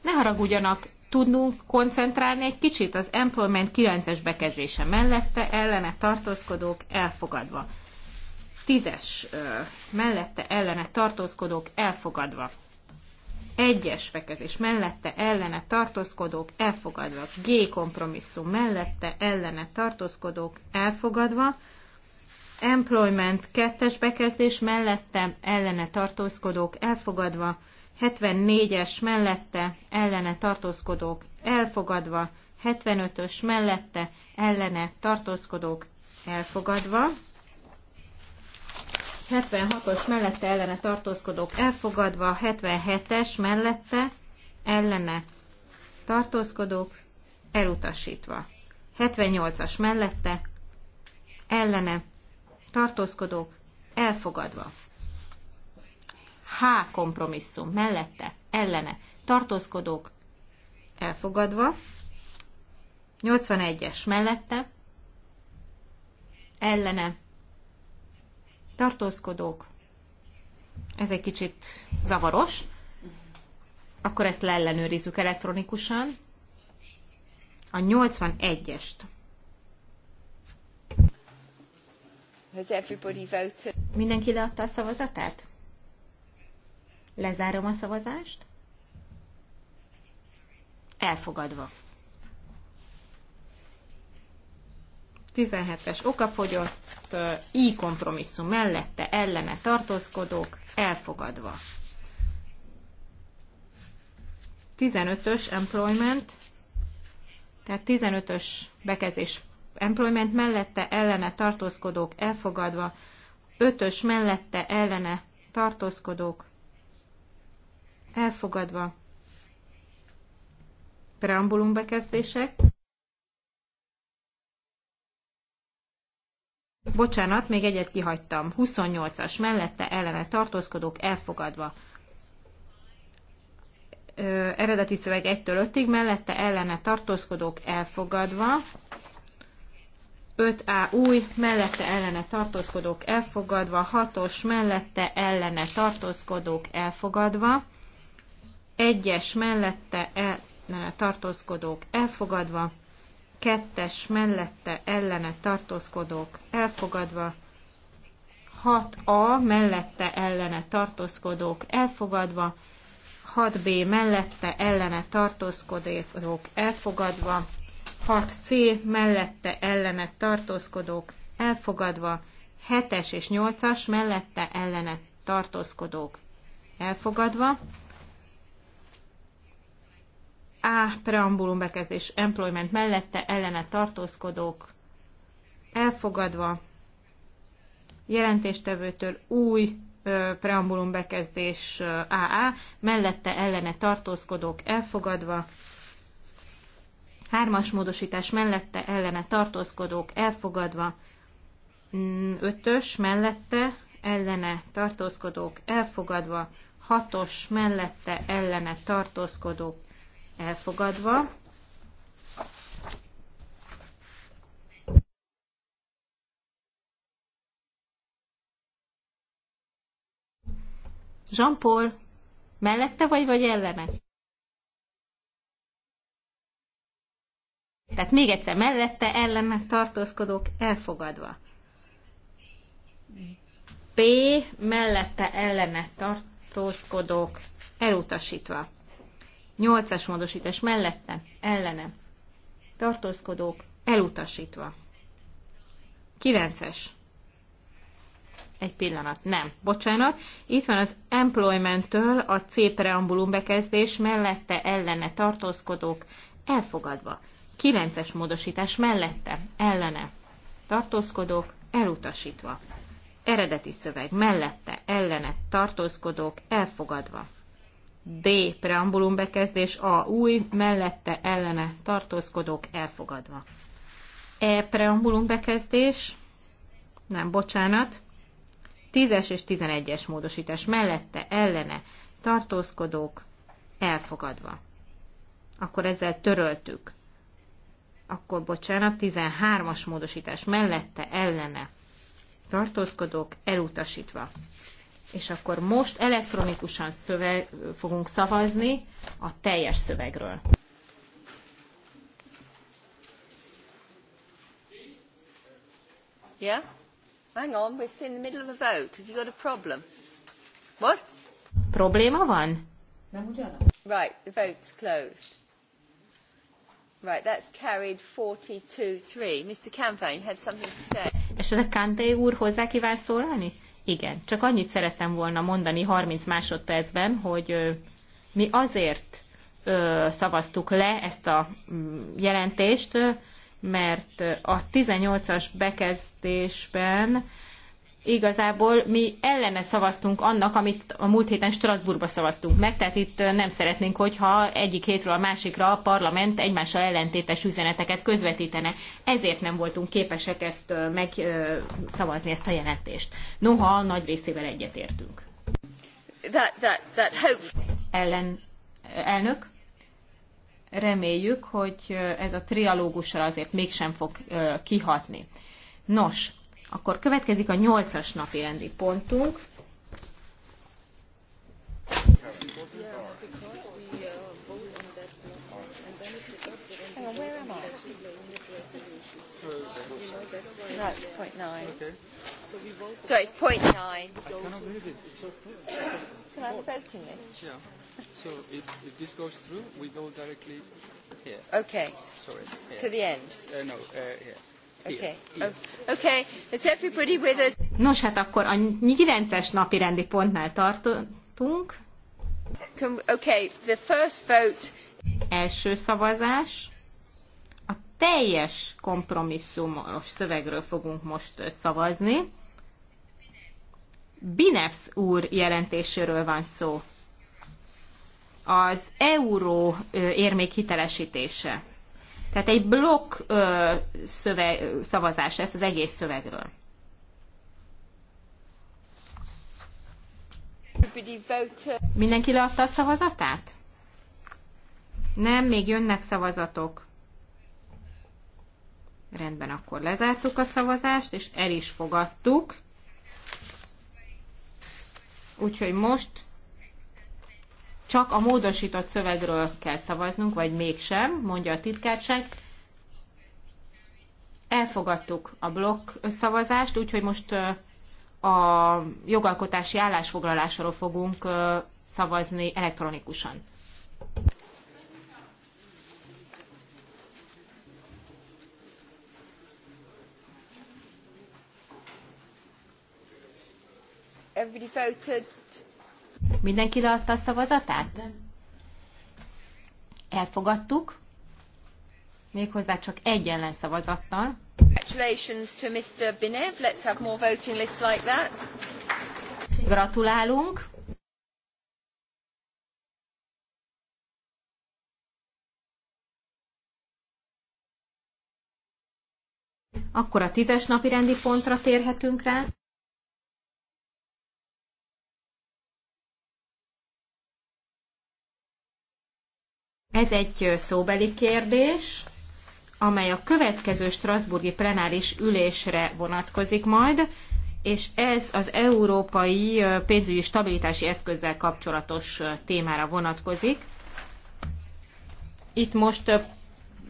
Ne haragudjanak, tudnunk koncentrálni egy kicsit az Employment 9-es bekezdése mellette, ellene tartózkodók elfogadva. 10-es mellette, ellene tartózkodók elfogadva. 1-es bekezdés mellette, ellene tartózkodók elfogadva. G kompromisszum mellette, ellene tartózkodók elfogadva. Employment kettes bekezdés mellette ellene tartózkodók elfogadva, 74-es mellette ellene tartózkodók elfogadva, 75-ös mellette ellene tartózkodók elfogadva, 76-os mellette ellene tartózkodók elfogadva, 77-es mellette ellene tartózkodók elutasítva, 78-as mellette ellene tartózkodók elfogadva. H kompromisszum mellette, ellene, tartózkodók elfogadva. 81-es mellette, ellene, tartózkodók. Ez egy kicsit zavaros. Akkor ezt leellenőrizzük elektronikusan. A 81-est Has everybody voted? Mindenki leadta a szavazatát? Lezárom a szavazást. Elfogadva. 17-es okafogyott, i kompromisszum mellette, ellene tartózkodók, elfogadva. 15-ös employment, tehát 15-ös bekezdés employment mellette ellene tartózkodók elfogadva, ötös mellette ellene tartózkodók elfogadva, preambulum bekezdések, Bocsánat, még egyet kihagytam. 28-as mellette ellene tartózkodók elfogadva. Ö, eredeti szöveg 1-től 5-ig mellette ellene tartózkodók elfogadva. 5A új, mellette ellene tartózkodók elfogadva, 6-os mellette ellene tartózkodók elfogadva, 1-es mellette ellene tartózkodók elfogadva, 2-es mellette ellene tartózkodók elfogadva, 6A mellette ellene tartózkodók elfogadva, 6B mellette ellene tartózkodók elfogadva, 6C mellette ellenet tartózkodók elfogadva, 7-es és 8-as mellette ellenet tartózkodók elfogadva, A preambulum bekezdés employment mellette ellene tartózkodók elfogadva, jelentéstevőtől új ö, preambulum bekezdés ö, AA, mellette ellene tartózkodók elfogadva, hármas módosítás mellette ellene tartózkodók elfogadva, mm, ötös mellette ellene tartózkodók elfogadva, hatos mellette ellene tartózkodók elfogadva, Jean-Paul, mellette vagy, vagy ellene? Tehát még egyszer mellette ellen tartózkodók elfogadva. B mellette ellene tartózkodók elutasítva. Nyolcas módosítás mellette ellene tartózkodók elutasítva. Kilences. Egy pillanat, nem, bocsánat. Itt van az employment-től a C preambulum bekezdés mellette ellene tartózkodók elfogadva. 9-es módosítás mellette, ellene, tartózkodók, elutasítva. Eredeti szöveg mellette, ellene, tartózkodók, elfogadva. D. Preambulum bekezdés A. Új, mellette, ellene, tartózkodók, elfogadva. E. Preambulum bekezdés, nem, bocsánat, 10-es és 11-es módosítás mellette, ellene, tartózkodók, elfogadva. Akkor ezzel töröltük akkor bocsánat, 13-as módosítás mellette ellene tartózkodók elutasítva. És akkor most elektronikusan szöveg, fogunk szavazni a teljes szövegről. Yeah? Hang on, we're in the middle of a vote. Have you got a problem? What? Probléma van? Nem ugyanaz. Right, the vote's closed. Right, that's carried 42-3. Mr. Canfan, you had something to say. Esetleg Kante úr hozzá kíván szólalni? Igen, csak annyit szerettem volna mondani 30 másodpercben, hogy ö, mi azért ö, szavaztuk le ezt a mm, jelentést, mert a 18-as bekezdésben igazából mi ellene szavaztunk annak, amit a múlt héten Strasbourgba szavaztunk meg, tehát itt nem szeretnénk, hogyha egyik hétről a másikra a parlament egymással ellentétes üzeneteket közvetítene. Ezért nem voltunk képesek ezt megszavazni, ezt a jelentést. Noha nagy részével egyetértünk. That, that, that hope. Ellen, elnök, reméljük, hogy ez a trialógussal azért mégsem fog kihatni. Nos, akkor következik a nyolcas napi rendi pontunk. Okay. So, it's point nine. so So if, if this goes through, we go directly here. Okay. Sorry. Here. To the end. Uh, no, uh, here. Okay. Okay. Nos, hát akkor a 9-es napi rendi pontnál tartunk. Okay. The first vote. Első szavazás. A teljes kompromisszumos szövegről fogunk most szavazni. Bineps úr jelentéséről van szó. Az euró érmék hitelesítése. Tehát egy blokk ö, szöveg, szavazás lesz az egész szövegről. Mindenki leadta a szavazatát? Nem, még jönnek szavazatok. Rendben, akkor lezártuk a szavazást, és el is fogadtuk. Úgyhogy most csak a módosított szövegről kell szavaznunk, vagy mégsem, mondja a titkárság. Elfogadtuk a blokk szavazást, úgyhogy most a jogalkotási állásfoglalásról fogunk szavazni elektronikusan. Everybody voted. Mindenki leadta a szavazatát? Elfogadtuk. Méghozzá csak egy ellen szavazattal. Congratulations to Mr. Binev. Let's have more voting lists like that. Gratulálunk. Akkor a tízes napi rendi pontra térhetünk rá. Ez egy szóbeli kérdés, amely a következő Strasburgi plenáris ülésre vonatkozik majd, és ez az európai pénzügyi stabilitási eszközzel kapcsolatos témára vonatkozik. Itt most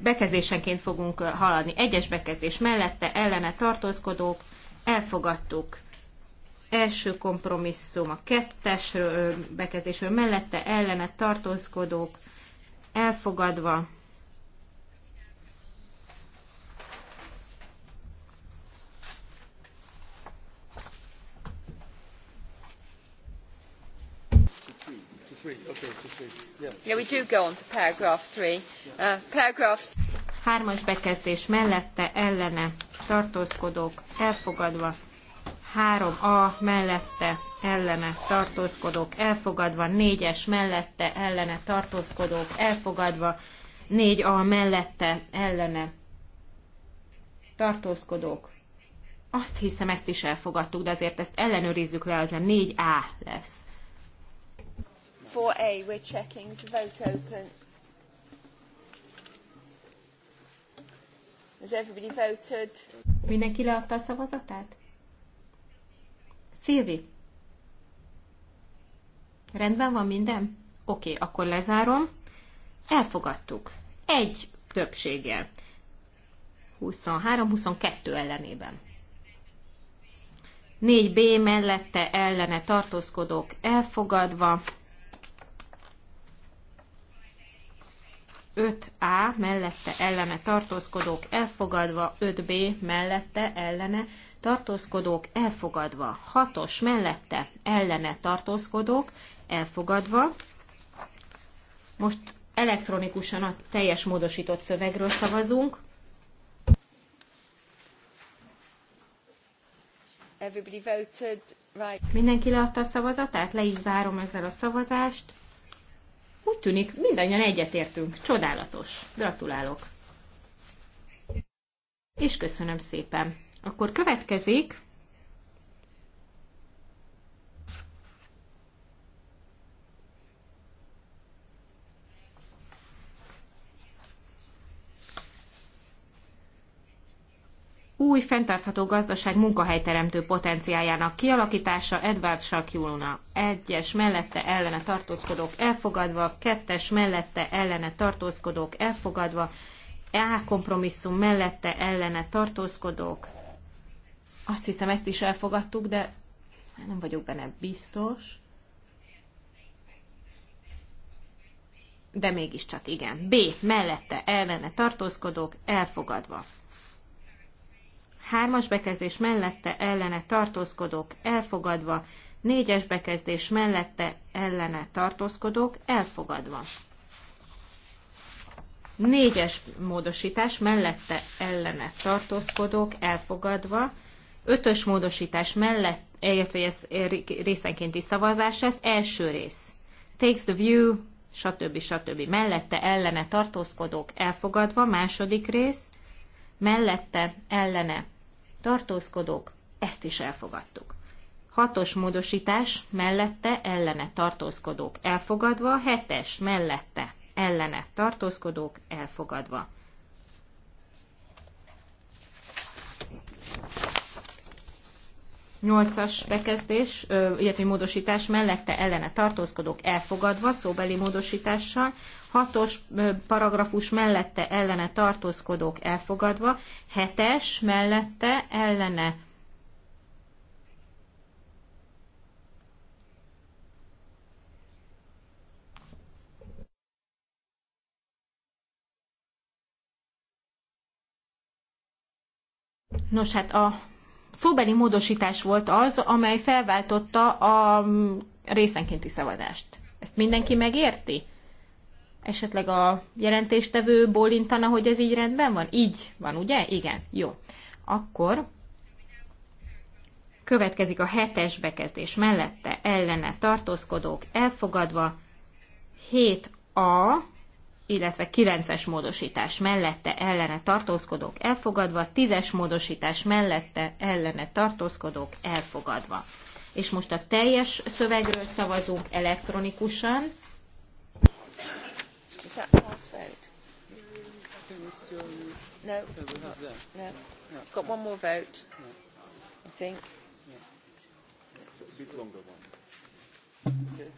bekezésenként fogunk haladni. Egyes bekezdés mellette ellene tartózkodók, elfogadtuk első kompromisszum a kettes bekezdésről mellette ellene tartózkodók, elfogadva. Yeah, we do go on to paragraph three. Uh, paragraph... Hármas bekezdés mellette ellene tartózkodók elfogadva. Három a mellette ellene tartózkodók elfogadva, négyes mellette ellene tartózkodók elfogadva, négy a mellette ellene tartózkodók. Azt hiszem, ezt is elfogadtuk, de azért ezt ellenőrizzük le, az a 4A lesz. 4A, we're checking, the vote open. Has everybody voted? Mindenki leadta a szavazatát? Szilvi, Rendben van minden? Oké, okay, akkor lezárom. Elfogadtuk. Egy többséggel. 23-22 ellenében. 4B mellette ellene tartózkodók elfogadva. 5A mellette ellene tartózkodók elfogadva, 5B mellette ellene tartózkodók elfogadva, hatos mellette ellene tartózkodók elfogadva. Most elektronikusan a teljes módosított szövegről szavazunk. Everybody voted, right. Mindenki leadta a szavazatát, le is zárom ezzel a szavazást. Úgy tűnik, mindannyian egyetértünk. Csodálatos. Gratulálok. És köszönöm szépen. Akkor következik új fenntartható gazdaság munkahelyteremtő potenciáljának kialakítása Edward Sakyulna. Egyes mellette ellene tartózkodók elfogadva, kettes mellette ellene tartózkodók elfogadva, A kompromisszum mellette ellene tartózkodók azt hiszem, ezt is elfogadtuk, de nem vagyok benne biztos. De mégiscsak igen. B. Mellette ellene tartózkodók elfogadva. Hármas bekezdés mellette ellene tartózkodók elfogadva. Négyes bekezdés mellette ellene tartózkodók elfogadva. Négyes módosítás mellette ellene tartózkodók elfogadva. Ötös módosítás mellett, illetve ez részenkénti szavazás lesz, első rész. Takes the view, stb. stb. Mellette ellene tartózkodók elfogadva, második rész, mellette ellene tartózkodók, ezt is elfogadtuk. Hatos módosítás, mellette ellene tartózkodók elfogadva, hetes mellette ellene tartózkodók elfogadva. 8-as bekezdés, illetve módosítás mellette ellene tartózkodók elfogadva, szóbeli módosítással, 6-os paragrafus mellette ellene tartózkodók elfogadva, 7-es mellette ellene Nos, hát a szóbeli módosítás volt az, amely felváltotta a mm, részenkénti szavazást. Ezt mindenki megérti? Esetleg a jelentéstevő bólintana, hogy ez így rendben van? Így van, ugye? Igen, jó. Akkor következik a hetes bekezdés mellette ellene tartózkodók elfogadva 7a illetve 9-es módosítás mellette ellene tartózkodók elfogadva, 10-es módosítás mellette ellene tartózkodók elfogadva. És most a teljes szövegről szavazunk elektronikusan. Okay.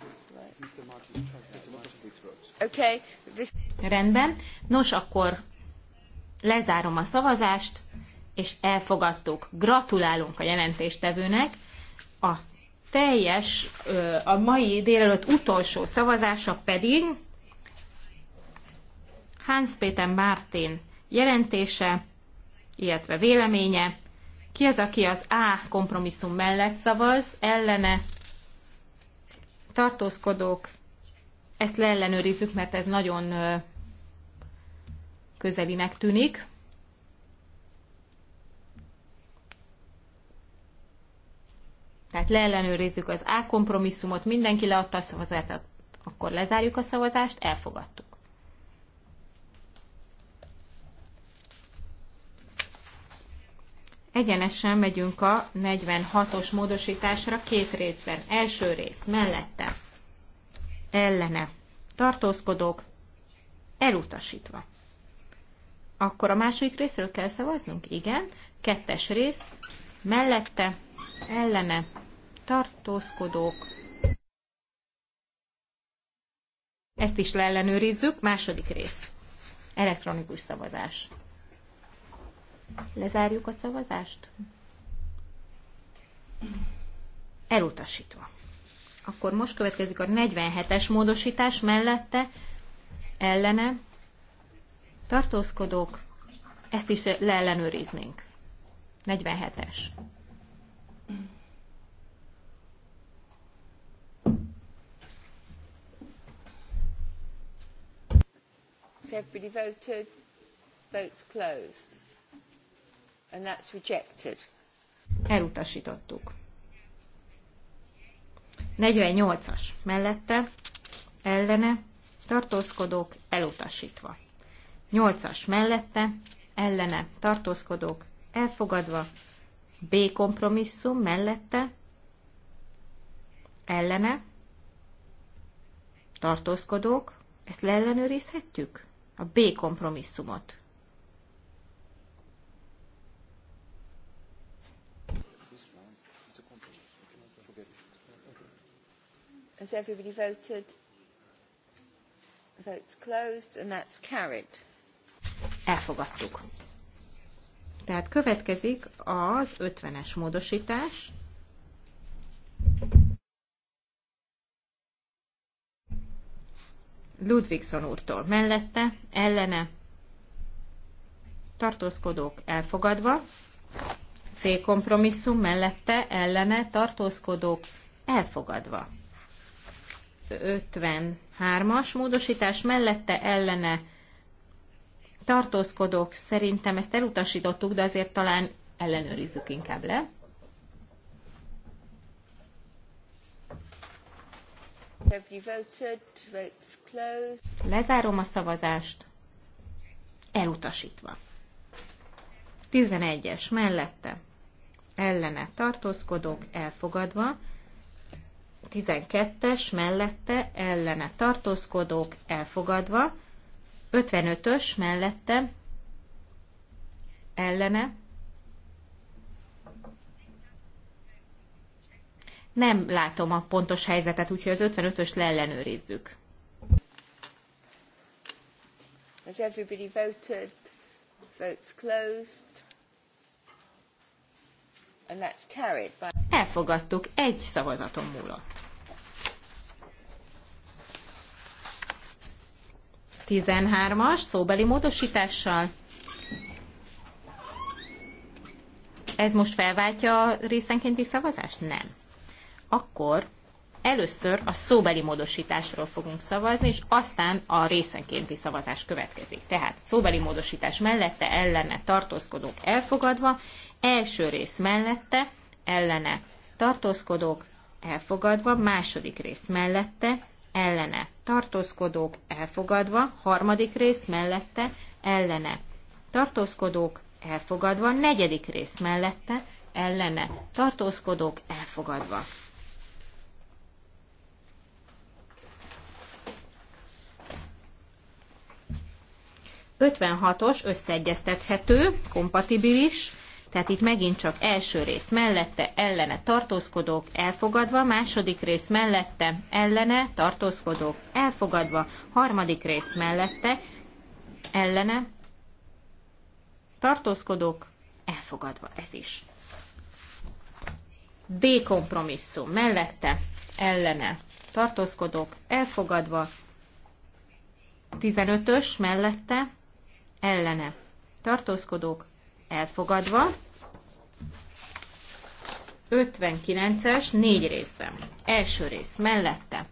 Okay. This... Rendben. Nos, akkor lezárom a szavazást, és elfogadtuk. Gratulálunk a jelentéstevőnek. A teljes, a mai délelőtt utolsó szavazása pedig Hans Péter Mártin jelentése, illetve véleménye. Ki az, aki az A kompromisszum mellett szavaz, ellene tartózkodók, ezt leellenőrizzük, mert ez nagyon közelinek tűnik. Tehát leellenőrizzük az A kompromisszumot, mindenki leadta a szavazatot, akkor lezárjuk a szavazást, elfogadtuk. Egyenesen megyünk a 46-os módosításra két részben. Első rész mellette, ellene, tartózkodók, elutasítva. Akkor a második részről kell szavaznunk? Igen. Kettes rész, mellette, ellene, tartózkodók. Ezt is leellenőrizzük. Második rész. Elektronikus szavazás. Lezárjuk a szavazást? Elutasítva. Akkor most következik a 47-es módosítás mellette, ellene, tartózkodók, ezt is leellenőriznénk. 47-es. Has everybody voted? Votes closed and that's rejected. Elutasítottuk. 48-as mellette, ellene, tartózkodók, elutasítva. 8-as mellette, ellene, tartózkodók, elfogadva. B kompromisszum mellette, ellene, tartózkodók, ezt leellenőrizhetjük? A B kompromisszumot. Has everybody voted? Votes closed and that's carried. Elfogadtuk. Tehát következik az 50-es módosítás. Ludvigson úrtól mellette, ellene, tartózkodók elfogadva, C kompromisszum mellette, ellene, tartózkodók elfogadva. 53-as módosítás mellette ellene tartózkodok, szerintem ezt elutasítottuk, de azért talán ellenőrizzük inkább le. Lezárom a szavazást. Elutasítva. 11-es mellette. Ellene tartózkodok, elfogadva. 12-es mellette ellene tartózkodók elfogadva, 55-ös mellette ellene nem látom a pontos helyzetet, úgyhogy az 55-öst leellenőrizzük. Has everybody voted? Votes closed. Elfogadtuk, egy szavazaton múlott. 13-as szóbeli módosítással. Ez most felváltja a részenkénti szavazást? Nem. Akkor először a szóbeli módosításról fogunk szavazni, és aztán a részenkénti szavazás következik. Tehát szóbeli módosítás mellette ellene tartózkodók elfogadva, Első rész mellette, ellene tartózkodók elfogadva, második rész mellette, ellene tartózkodók elfogadva, harmadik rész mellette, ellene tartózkodók elfogadva, negyedik rész mellette, ellene tartózkodók elfogadva. Ötvenhatos összeegyeztethető, kompatibilis, tehát itt megint csak első rész mellette ellene tartózkodók elfogadva, második rész mellette ellene tartózkodók elfogadva, harmadik rész mellette ellene tartózkodók elfogadva ez is. D kompromisszum mellette ellene tartózkodók elfogadva, 15-ös mellette ellene tartózkodók elfogadva. 59-es, négy részben. Első rész mellette,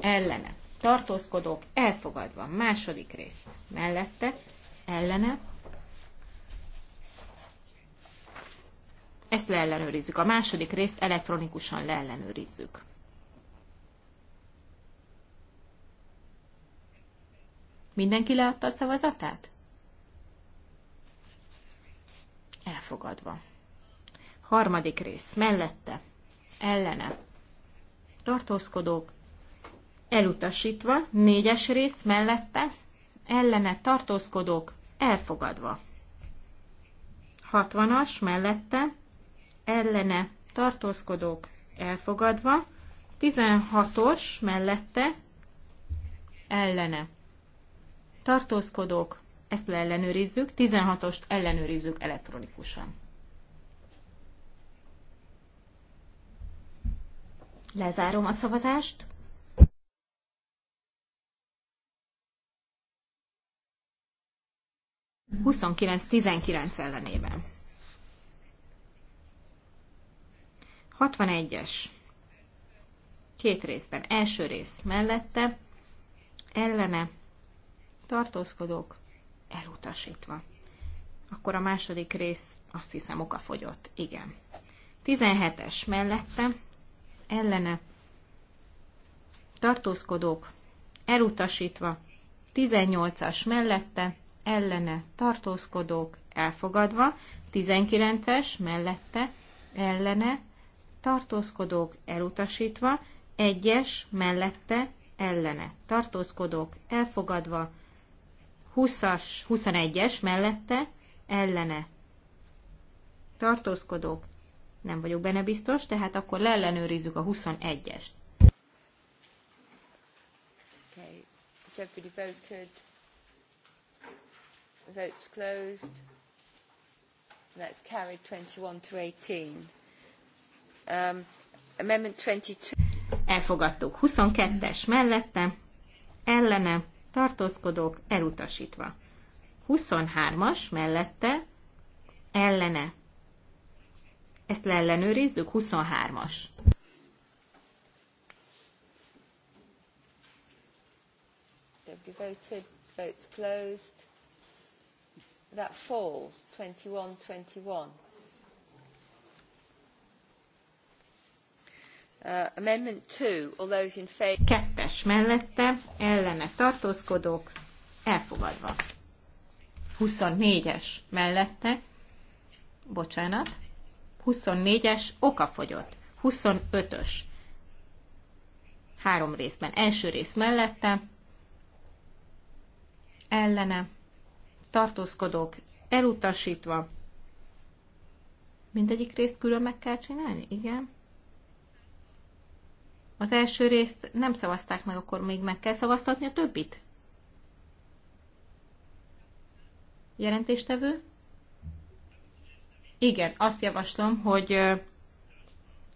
ellene, tartózkodók, elfogadva. Második rész mellette, ellene. Ezt leellenőrizzük. A második részt elektronikusan leellenőrizzük. Mindenki leadta a szavazatát? Elfogadva. Harmadik rész. Mellette. Ellene. Tartózkodók. Elutasítva. Négyes rész. Mellette. Ellene. Tartózkodók. Elfogadva. Hatvanas. Mellette. Ellene. Tartózkodók. Elfogadva. Tizenhatos. Mellette. Ellene. Tartózkodók ezt leellenőrizzük, 16-ost ellenőrizzük elektronikusan. Lezárom a szavazást. Huszonkilenc tizenkilenc ellenében. 61-es. Két részben. Első rész mellette, ellene, tartózkodók, elutasítva. Akkor a második rész azt hiszem okafogyott. Igen. 17-es mellette ellene tartózkodók elutasítva, 18-as mellette ellene tartózkodók elfogadva, 19-es mellette ellene tartózkodók elutasítva, 1-es mellette ellene tartózkodók elfogadva, 20-as, 21-es mellette ellene tartózkodók, nem vagyok benne biztos, tehát akkor leellenőrizzük a 21-est. Okay. So voted. Votes closed. That's carried 21 to 18. Um, amendment 22. Elfogadtuk. 22-es mellette, ellene, tartózkodók elutasítva. 23-as mellette ellene. Ezt leellenőrizzük, 23-as. voted, votes closed. That falls, 21-21. 2, uh, Kettes mellette, ellene tartózkodók, elfogadva. 24-es mellette, bocsánat, 24-es okafogyott, 25-ös. Három részben. Első rész mellette, ellene, tartózkodók elutasítva. Mindegyik részt külön meg kell csinálni? Igen az első részt nem szavazták meg, akkor még meg kell szavaztatni a többit? Jelentéstevő? Igen, azt javaslom, hogy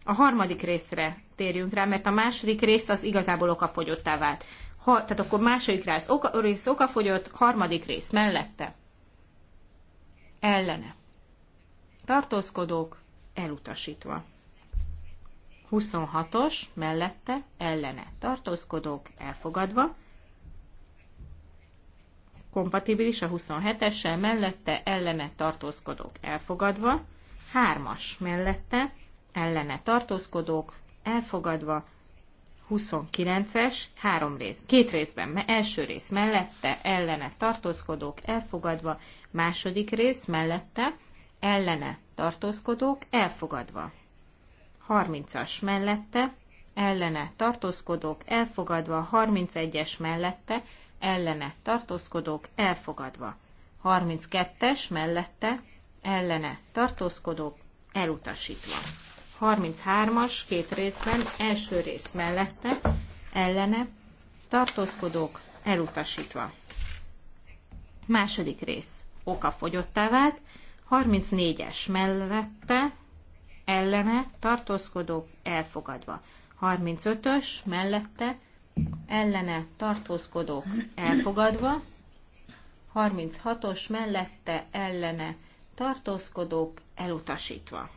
a harmadik részre térjünk rá, mert a második rész az igazából okafogyottá vált. Ha, tehát akkor második rész, oka, rész okafogyott, harmadik rész mellette. Ellene. Tartózkodók elutasítva. 26-os mellette ellene tartózkodók elfogadva, kompatibilis a 27-essel mellette ellene tartózkodók elfogadva, 3-as mellette ellene tartózkodók elfogadva, 29-es, három rész, két részben, első rész mellette, ellene tartózkodók elfogadva, második rész mellette, ellene tartózkodók elfogadva. 30-as mellette, ellene tartózkodók elfogadva, 31-es mellette, ellene tartózkodók elfogadva, 32-es mellette, ellene tartózkodók elutasítva. 33-as két részben, első rész mellette, ellene tartózkodók elutasítva. Második rész okafogyottá vált, 34-es mellette, ellene tartózkodók elfogadva. 35-ös mellette ellene tartózkodók elfogadva. 36-os mellette ellene tartózkodók elutasítva.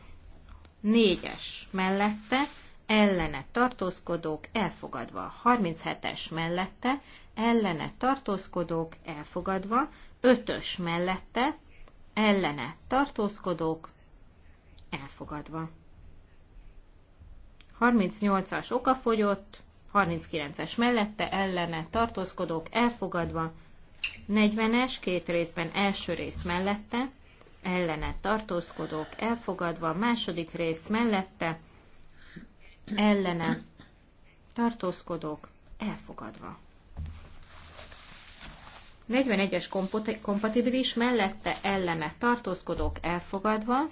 4-es mellette ellene tartózkodók elfogadva. 37-es mellette ellene tartózkodók elfogadva. 5-ös mellette ellene tartózkodók elfogadva. 38-as fogyott, 39-es mellette ellene tartózkodók elfogadva, 40-es két részben első rész mellette, ellene tartózkodók elfogadva, második rész mellette, ellene tartózkodók elfogadva. 41-es kompatibilis mellette ellene tartózkodók elfogadva,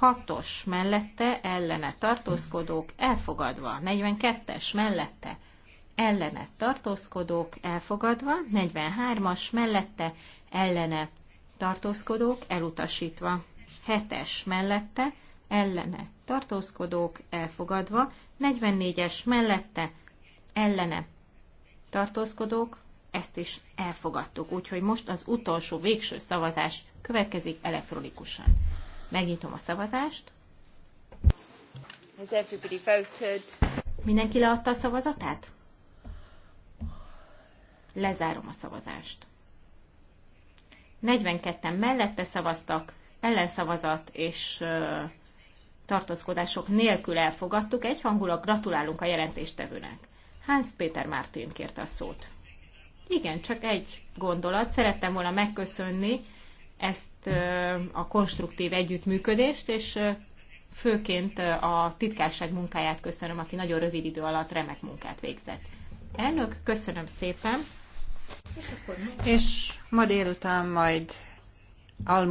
6-os mellette ellene tartózkodók elfogadva, 42-es mellette ellene tartózkodók elfogadva, 43-as mellette ellene tartózkodók elutasítva, 7-es mellette ellene tartózkodók elfogadva, 44-es mellette ellene tartózkodók, ezt is elfogadtuk. Úgyhogy most az utolsó végső szavazás következik elektronikusan. Megnyitom a szavazást. Has everybody voted? Mindenki leadta a szavazatát? Lezárom a szavazást. 42-en mellette szavaztak, ellenszavazat és tartózkodások nélkül elfogadtuk. Egyhangulag gratulálunk a jelentéstevőnek. Hans Péter Mártin kérte a szót. Igen, csak egy gondolat. Szerettem volna megköszönni ezt a konstruktív együttműködést, és főként a titkárság munkáját köszönöm, aki nagyon rövid idő alatt remek munkát végzett. Elnök, köszönöm szépen. És, akkor... és ma délután majd